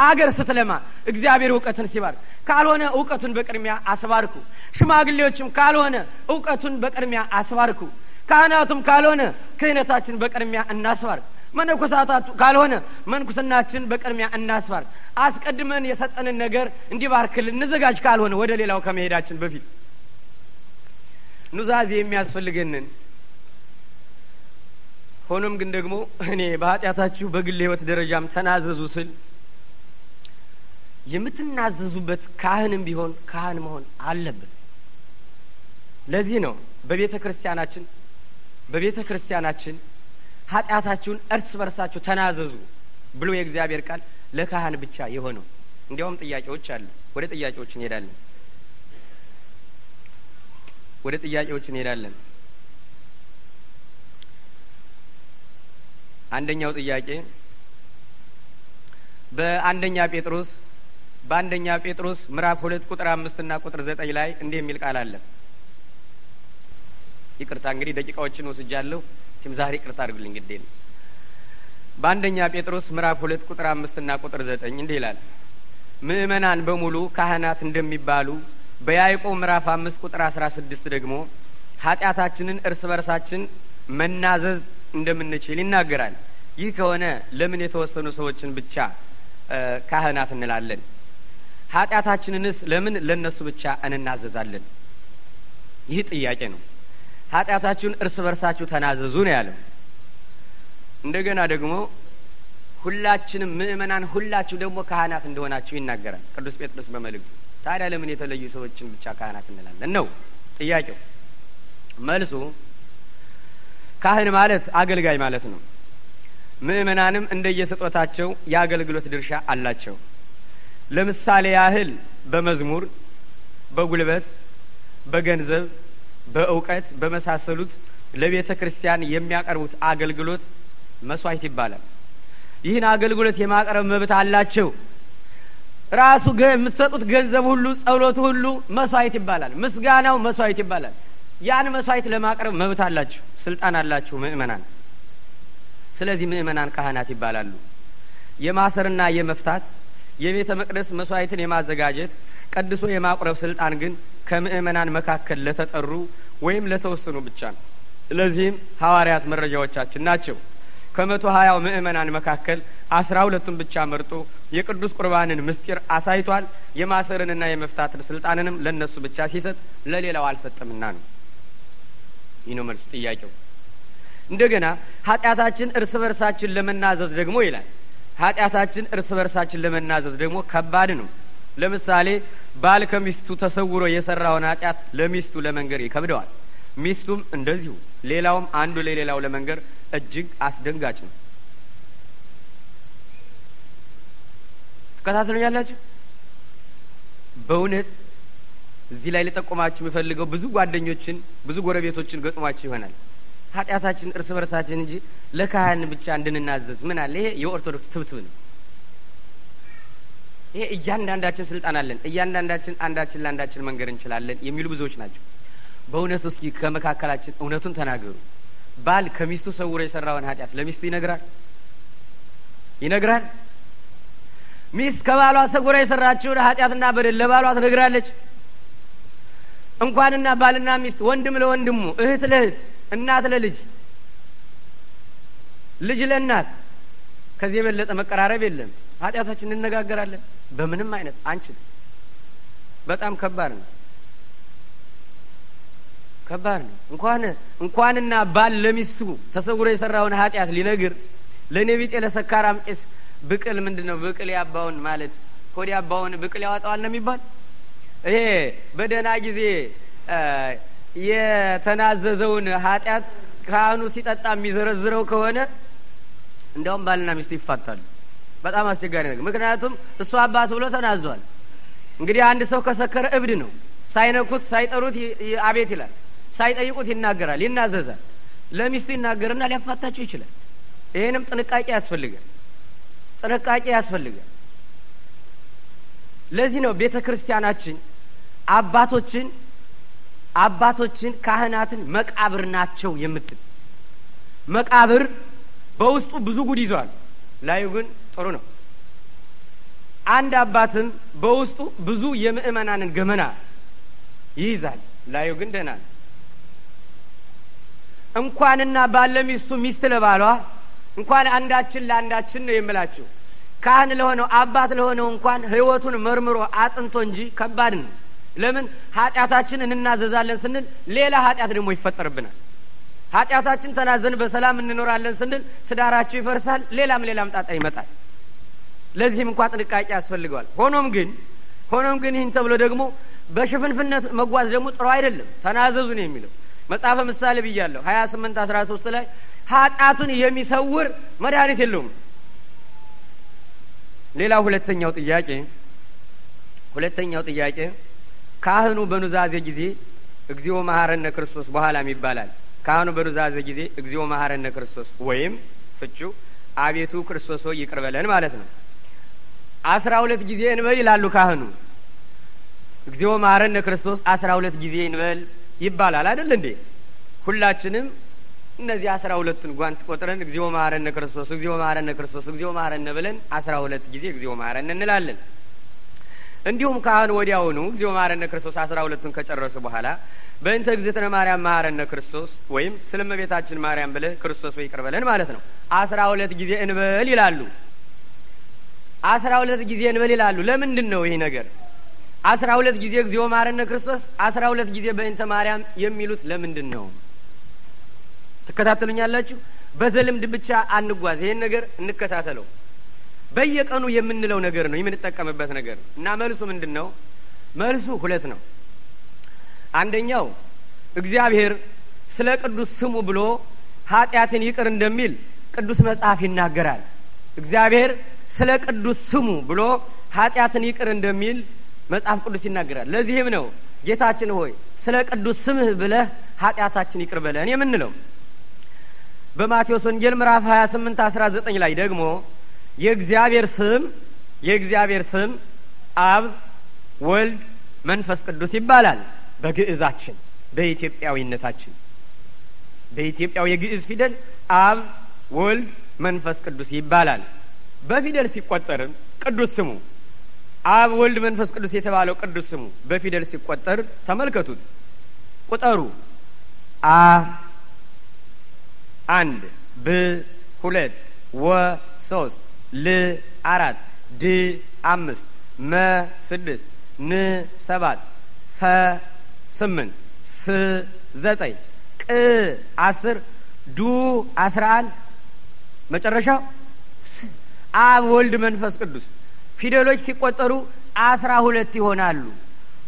አገር ስትለማ እግዚአብሔር እውቀትን ሲባርክ ካልሆነ እውቀቱን በቅድሚያ አስባርኩ። ሽማግሌዎችም ካልሆነ እውቀቱን በቅድሚያ አስባርኩ። ካህናቱም ካልሆነ ክህነታችን በቅድሚያ እናስባርክ። መነኮሳታቱ ካልሆነ መንኩስናችን በቅድሚያ እናስባርክ። አስቀድመን የሰጠንን ነገር እንዲባርክልን እንዘጋጅ። ካልሆነ ወደ ሌላው ከመሄዳችን በፊት ኑዛዜ የሚያስፈልገንን ሆኖም ግን ደግሞ እኔ በኃጢአታችሁ በግል ህይወት ደረጃም ተናዘዙ ስል የምትናዘዙበት ካህንም ቢሆን ካህን መሆን አለበት። ለዚህ ነው በቤተ ክርስቲያናችን በቤተ ክርስቲያናችን ኃጢአታችሁን እርስ በርሳችሁ ተናዘዙ ብሎ የእግዚአብሔር ቃል ለካህን ብቻ የሆነው እንዲያውም ጥያቄዎች አሉ። ወደ ጥያቄዎች እንሄዳለን። ወደ ጥያቄዎች እንሄዳለን። አንደኛው ጥያቄ በአንደኛ ጴጥሮስ በአንደኛ ጴጥሮስ ምዕራፍ ሁለት ቁጥር አምስት ና ቁጥር ዘጠኝ ላይ እንዲህ የሚል ቃል አለ። ይቅርታ እንግዲህ ደቂቃዎችን ወስጃለሁ። መቼም ዛሬ ቅርታ አድርጉልኝ፣ ግዴ ነው። በአንደኛ ጴጥሮስ ምዕራፍ ሁለት ቁጥር አምስትና ቁጥር ዘጠኝ እንዲህ ይላል ምእመናን በሙሉ ካህናት እንደሚባሉ በያዕቆብ ምዕራፍ አምስት ቁጥር አስራ ስድስት ደግሞ ኃጢአታችንን እርስ በርሳችን መናዘዝ እንደምንችል ይናገራል። ይህ ከሆነ ለምን የተወሰኑ ሰዎችን ብቻ ካህናት እንላለን? ኃጢአታችንንስ ለምን ለእነሱ ብቻ እንናዘዛለን? ይህ ጥያቄ ነው። ኃጢአታችሁን እርስ በርሳችሁ ተናዘዙ ነው ያለው። እንደገና ደግሞ ሁላችንም ምእመናን ሁላችሁ ደግሞ ካህናት እንደሆናችሁ ይናገራል ቅዱስ ጴጥሮስ በመልእክቱ። ታዲያ ለምን የተለዩ ሰዎችን ብቻ ካህናት እንላለን ነው ጥያቄው። መልሱ ካህን ማለት አገልጋይ ማለት ነው። ምእመናንም እንደየስጦታቸው የአገልግሎት ድርሻ አላቸው። ለምሳሌ ያህል በመዝሙር፣ በጉልበት፣ በገንዘብ በእውቀት በመሳሰሉት ለቤተ ክርስቲያን የሚያቀርቡት አገልግሎት መስዋዕት ይባላል። ይህን አገልግሎት የማቅረብ መብት አላቸው። ራሱ የምትሰጡት ገንዘብ ሁሉ፣ ጸሎት ሁሉ መስዋዕት ይባላል። ምስጋናው መስዋዕት ይባላል። ያን መስዋዕት ለማቅረብ መብት አላችሁ፣ ስልጣን አላችሁ ምእመናን። ስለዚህ ምእመናን ካህናት ይባላሉ። የማሰርና የመፍታት የቤተ መቅደስ መስዋዕትን የማዘጋጀት ቀድሶ የማቁረብ ስልጣን ግን ከምእመናን መካከል ለተጠሩ ወይም ለተወሰኑ ብቻ ነው። ስለዚህም ሐዋርያት መረጃዎቻችን ናቸው። ከመቶ ሀያው ምእመናን መካከል አስራ ሁለቱን ብቻ መርጦ የቅዱስ ቁርባንን ምስጢር አሳይቷል። የማሰርንና የመፍታትን ስልጣንንም ለእነሱ ብቻ ሲሰጥ ለሌላው አልሰጠምና ነው። ይህ ነው መልሱ ጥያቄው። እንደገና ኃጢአታችን እርስ በርሳችን ለመናዘዝ ደግሞ ይላል። ኃጢአታችን እርስ በርሳችን ለመናዘዝ ደግሞ ከባድ ነው። ለምሳሌ ባል ከሚስቱ ተሰውሮ የሰራውን ኃጢአት ለሚስቱ ለመንገር ይከብደዋል። ሚስቱም እንደዚሁ። ሌላውም አንዱ ለሌላው ለመንገር እጅግ አስደንጋጭ ነው። ትከታተሉኛላችሁ? በእውነት እዚህ ላይ ልጠቁማችሁ የምፈልገው ብዙ ጓደኞችን ብዙ ጎረቤቶችን ገጥሟችሁ ይሆናል። ኃጢአታችን እርስ በርሳችን እንጂ ለካህን ብቻ እንድንናዘዝ ምን አለ። ይሄ የኦርቶዶክስ ትብትብ ነው። ይሄ እያንዳንዳችን ስልጣን አለን፣ እያንዳንዳችን አንዳችን ለአንዳችን መንገድ እንችላለን የሚሉ ብዙዎች ናቸው። በእውነት እስኪ ከመካከላችን እውነቱን ተናገሩ። ባል ከሚስቱ ሰውሮ የሰራውን ኃጢአት ለሚስቱ ይነግራል ይነግራል? ሚስት ከባሏ ሰውራ የሰራችውን ኃጢአትና በደል ለባሏ ትነግራለች? እንኳንና ባልና ሚስት ወንድም ለወንድሙ፣ እህት ለእህት፣ እናት ለልጅ፣ ልጅ ለእናት ከዚህ የበለጠ መቀራረብ የለም። ኃጢአታችን እንነጋገራለን። በምንም አይነት አንችልም። በጣም ከባድ ነው፣ ከባድ ነው። እንኳን እንኳንና ባል ለሚስቱ ተሰውሮ የሰራውን ኃጢአት ሊነግር ለእኔ ቢጤ ለሰካራም ብቅል ምንድን ነው ብቅል ያባውን ማለት ኮዲ ያባውን ብቅል ያወጣዋል ነው የሚባል። ይሄ በደህና ጊዜ የተናዘዘውን ኃጢአት ካህኑ ሲጠጣ የሚዘረዝረው ከሆነ እንዲያውም ባልና ሚስቱ ይፋታሉ። በጣም አስቸጋሪ ነገር። ምክንያቱም እሱ አባት ብሎ ተናዟል። እንግዲህ አንድ ሰው ከሰከረ እብድ ነው። ሳይነኩት ሳይጠሩት አቤት ይላል። ሳይጠይቁት ይናገራል፣ ይናዘዛል። ለሚስቱ ይናገርና ሊያፋታቸው ይችላል። ይህንም ጥንቃቄ ያስፈልጋል፣ ጥንቃቄ ያስፈልጋል። ለዚህ ነው ቤተ ክርስቲያናችን አባቶችን አባቶችን ካህናትን መቃብር ናቸው የምትል መቃብር በውስጡ ብዙ ጉድ ይዟል ላዩ ግን ጥሩ ነው። አንድ አባትም በውስጡ ብዙ የምእመናንን ገመና ይይዛል። ላዩ ግን ደህና ነው። እንኳንና ባለ ሚስቱ ሚስት ለባሏ እንኳን አንዳችን ለአንዳችን ነው የምላችሁ ካህን ለሆነው አባት ለሆነው እንኳን ሕይወቱን መርምሮ አጥንቶ እንጂ ከባድ ነው። ለምን ኃጢአታችን እንናዘዛለን ስንል ሌላ ኃጢአት ደግሞ ይፈጠርብናል። ኃጢአታችን ተናዘን በሰላም እንኖራለን ስንል ትዳራቸው ይፈርሳል፣ ሌላም ሌላም ጣጣ ይመጣል። ለዚህም እንኳ ጥንቃቄ ያስፈልገዋል። ሆኖም ግን ሆኖም ግን ይህን ተብሎ ደግሞ በሽፍንፍነት መጓዝ ደግሞ ጥሩ አይደለም። ተናዘዙ ነው የሚለው መጽሐፈ ምሳሌ ብያለሁ ሀያ ስምንት አስራ ሶስት ላይ ኃጢአቱን የሚሰውር መድኃኒት የለውም። ሌላ ሁለተኛው ጥያቄ ሁለተኛው ጥያቄ ካህኑ በኑዛዜ ጊዜ እግዚኦ መሐረነ ክርስቶስ በኋላም ይባላል። ካህኑ በኑዛዜ ጊዜ እግዚኦ መሐረነ ክርስቶስ ወይም ፍቹ አቤቱ ክርስቶስ ሆይ ይቅር ማለት ነው። አስራ ሁለት ጊዜ እንበል ይላሉ ካህኑ። እግዚኦ ማረነ ክርስቶስ አስራ ሁለት ጊዜ እንበል ይባላል አይደል እንዴ? ሁላችንም እነዚህ አስራ ሁለቱን ጓንት ቆጥረን እግዚኦ ማረነ ክርስቶስ፣ እግዚኦ ማረነ ክርስቶስ፣ እግዚኦ ማረነ ብለን አስራ ሁለት ጊዜ እግዚኦ ማረነ እንላለን። እንዲሁም ካህኑ ወዲያውኑ እግዚኦ ማረነ ክርስቶስ አስራ ሁለቱን ከጨረሱ በኋላ በእንተ እግዝእትነ ማርያም ማረነ ክርስቶስ ወይም ስለ እመቤታችን ማርያም ብለህ ክርስቶስ ወይ ይቅር በለን ማለት ነው አስራ ሁለት ጊዜ እንበል ይላሉ። አስራ ሁለት ጊዜ እንበል ይላሉ። ለምንድን ነው ይህ ነገር አስራ ሁለት ጊዜ እግዚኦ ማረነ ክርስቶስ አስራ ሁለት ጊዜ በእንተ ማርያም የሚሉት ለምንድን ነው? ትከታተሉኛላችሁ? በዘልምድ ብቻ አንጓዝ። ይህን ነገር እንከታተለው። በየቀኑ የምንለው ነገር ነው የምንጠቀምበት ነገር እና መልሱ ምንድን ነው? መልሱ ሁለት ነው። አንደኛው እግዚአብሔር ስለ ቅዱስ ስሙ ብሎ ኃጢአትን ይቅር እንደሚል ቅዱስ መጽሐፍ ይናገራል። እግዚአብሔር ስለ ቅዱስ ስሙ ብሎ ኃጢአትን ይቅር እንደሚል መጽሐፍ ቅዱስ ይናገራል። ለዚህም ነው ጌታችን ሆይ ስለ ቅዱስ ስምህ ብለህ ኃጢአታችን ይቅር በለን የምንለው። በማቴዎስ ወንጌል ምዕራፍ 28 19 ላይ ደግሞ የእግዚአብሔር ስም የእግዚአብሔር ስም አብ ወልድ መንፈስ ቅዱስ ይባላል። በግዕዛችን በኢትዮጵያዊነታችን በኢትዮጵያው የግዕዝ ፊደል አብ ወልድ መንፈስ ቅዱስ ይባላል። በፊደል ሲቆጠር ቅዱስ ስሙ አብ ወልድ መንፈስ ቅዱስ የተባለው ቅዱስ ስሙ በፊደል ሲቆጠር ተመልከቱት። ቁጠሩ አ አንድ ብ ሁለት ወ ሶስት ል አራት ድ አምስት መ ስድስት ን ሰባት ፈ ስምንት ስ ዘጠኝ ቅ አስር ዱ አስራ አንድ መጨረሻው ስ አብ ወልድ መንፈስ ቅዱስ ፊደሎች ሲቆጠሩ አስራ ሁለት ይሆናሉ።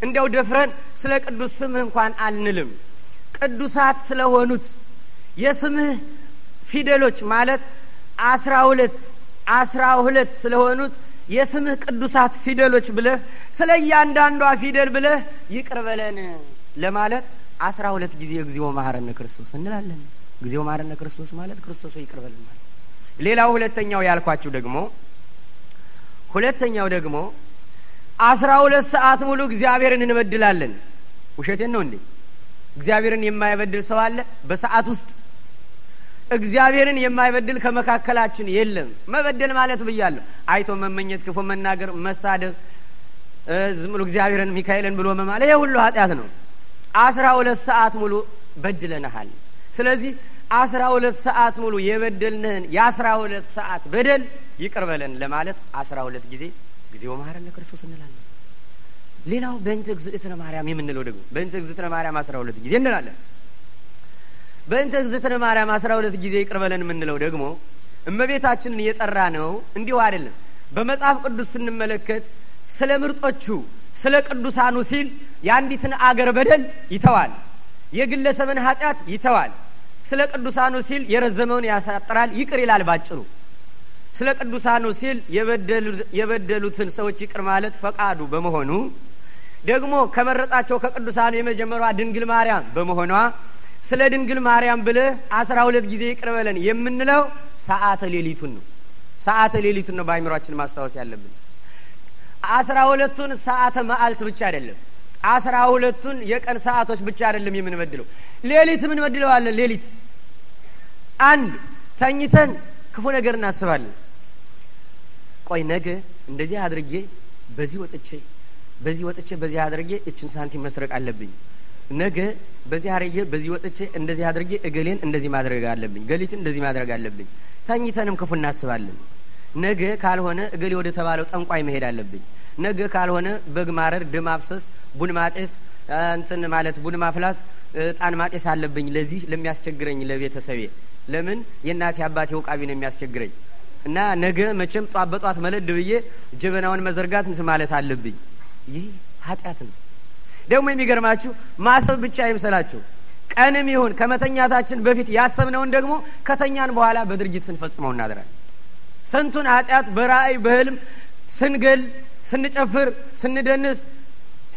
እንደው ደፍረን ስለ ቅዱስ ስምህ እንኳን አልንልም ቅዱሳት ስለሆኑት የስምህ ፊደሎች ማለት አስራ ሁለት አስራ ሁለት ስለሆኑት የስምህ ቅዱሳት ፊደሎች ብለህ ስለ እያንዳንዷ ፊደል ብለህ ይቅር በለን ለማለት አስራ ሁለት ጊዜ እግዚኦ መሐረነ ክርስቶስ እንላለን። እግዚኦ መሐረነ ክርስቶስ ማለት ክርስቶስ ይቅር በለን ማለት ሌላው ሁለተኛው ያልኳችሁ ደግሞ ሁለተኛው ደግሞ አስራ ሁለት ሰዓት ሙሉ እግዚአብሔርን እንበድላለን። ውሸቴን ነው እንዴ? እግዚአብሔርን የማይበድል ሰው አለ? በሰዓት ውስጥ እግዚአብሔርን የማይበድል ከመካከላችን የለም። መበደል ማለት ብያለሁ፣ አይቶ መመኘት፣ ክፉ መናገር፣ መሳደብ፣ ዝም ብሎ እግዚአብሔርን ሚካኤልን ብሎ መማለ ይህ ሁሉ ኃጢአት ነው። አስራ ሁለት ሰዓት ሙሉ በድለንሃል። ስለዚህ አስራ ሁለት ሰዓት ሙሉ የበደልንህን የአስራ ሁለት ሰዓት በደል ይቅር ለማለት አስራ ሁለት ጊዜ ጊዜው መሐረነ ክርስቶስ እንላለን። ሌላው በእንተ እግዝእትነ ማርያም የምንለው ደግሞ በእንተ እግዝእትነ ማርያም አስራ ሁለት ጊዜ እንላለን። በእንተ እግዝእትነ ማርያም አስራ ሁለት ጊዜ ይቅር በለን የምንለው ደግሞ እመቤታችንን የጠራ ነው እንዲሁ አይደለም። በመጽሐፍ ቅዱስ ስንመለከት ስለ ምርጦቹ ስለ ቅዱሳኑ ሲል የአንዲትን አገር በደል ይተዋል፣ የግለሰብን ኃጢአት ይተዋል ስለ ቅዱሳኑ ሲል የረዘመውን ያሳጥራል፣ ይቅር ይላል ባጭሩ። ስለ ቅዱሳኑ ሲል የበደሉትን ሰዎች ይቅር ማለት ፈቃዱ በመሆኑ ደግሞ ከመረጣቸው ከቅዱሳኑ የመጀመሯ ድንግል ማርያም በመሆኗ ስለ ድንግል ማርያም ብለ አስራ ሁለት ጊዜ ይቅር በለን የምንለው ሰዓተ ሌሊቱን ነው። ሰዓተ ሌሊቱን ነው በአይምሯችን ማስታወስ ያለብን። አስራ ሁለቱን ሰዓተ መአልት ብቻ አይደለም አስራ ሁለቱን የቀን ሰዓቶች ብቻ አይደለም የምንበድለው፣ ሌሊት የምንበድለው አለ። ሌሊት አንድ ተኝተን ክፉ ነገር እናስባለን። ቆይ ነገ እንደዚህ አድርጌ በዚህ ወጥቼ በዚህ ወጥቼ በዚህ አድርጌ እችን ሳንቲም መስረቅ አለብኝ። ነገ በዚህ አድርጌ በዚህ ወጥቼ እንደዚህ አድርጌ እገሌን እንደዚህ ማድረግ አለብኝ፣ ገሊትን እንደዚህ ማድረግ አለብኝ። ተኝተንም ክፉ እናስባለን። ነገ ካልሆነ እገሌ ወደ ተባለው ጠንቋይ መሄድ አለብኝ ነገ ካልሆነ በግ ማረር፣ ደም አፍሰስ፣ ቡን ማጤስ እንትን ማለት ቡን ማፍላት፣ እጣን ማጤስ አለብኝ ለዚህ ለሚያስቸግረኝ ለቤተሰቤ። ለምን የእናቴ አባቴ ውቃቢ ነው የሚያስቸግረኝ እና ነገ መቼም ጧት በጧት መለድ ብዬ ጀበናውን መዘርጋት እንትን ማለት አለብኝ። ይህ ኃጢአት ነው። ደግሞ የሚገርማችሁ ማሰብ ብቻ አይምሰላችሁ። ቀንም ይሁን ከመተኛታችን በፊት ያሰብነውን ደግሞ ከተኛን በኋላ በድርጊት ስንፈጽመው እናድራለን። ስንቱን ኃጢአት በራእይ በህልም ስንገል ስንጨፍር፣ ስንደንስ፣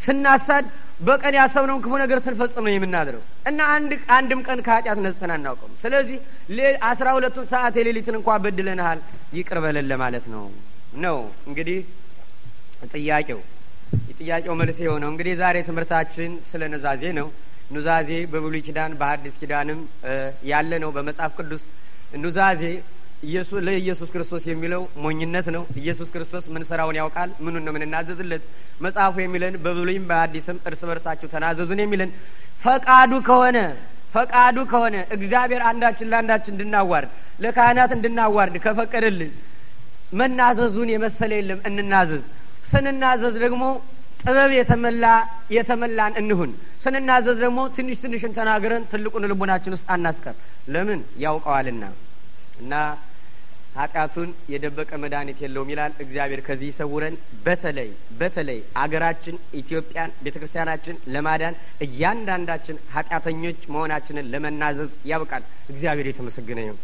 ስናሳድ በቀን ያሰብነውን ክፉ ነገር ስንፈጽም ነው የምናድረው እና አንድ አንድም ቀን ከኃጢአት ነጽተን አናውቀውም ስለዚህ አስራ ሁለቱን ሰዓት የሌሊትን እንኳ በድለንሃል ይቅር በለን ለማለት ነው ነው እንግዲህ ጥያቄው የጥያቄው መልስ የሆነው እንግዲህ ዛሬ ትምህርታችን ስለ ኑዛዜ ነው። ኑዛዜ በብሉይ ኪዳን በሐዲስ ኪዳንም ያለ ነው። በመጽሐፍ ቅዱስ ኑዛዜ ለኢየሱስ ክርስቶስ የሚለው ሞኝነት ነው። ኢየሱስ ክርስቶስ ምን ስራውን ያውቃል፣ ምኑን ነው የምንናዘዝለት። መጽሐፉ የሚለን በብሉይም በአዲስም እርስ በርሳችሁ ተናዘዙን የሚለን ፈቃዱ ከሆነ ፈቃዱ ከሆነ እግዚአብሔር አንዳችን ለአንዳችን እንድናዋርድ ለካህናት እንድናዋርድ ከፈቀደልን መናዘዙን የመሰለ የለም። እንናዘዝ። ስንናዘዝ ደግሞ ጥበብ የተመላ የተመላን እንሁን። ስንናዘዝ ደግሞ ትንሽ ትንሽን ተናግረን ትልቁን ልቡናችን ውስጥ አናስቀር። ለምን ያውቀዋልና እና ኃጢአቱን የደበቀ መድኃኒት የለውም ይላል እግዚአብሔር። ከዚህ ይሰውረን። በተለይ በተለይ አገራችን ኢትዮጵያን፣ ቤተ ክርስቲያናችን ለማዳን እያንዳንዳችን ኃጢአተኞች መሆናችንን ለመናዘዝ ያብቃል። እግዚአብሔር የተመሰገነ ይሁን።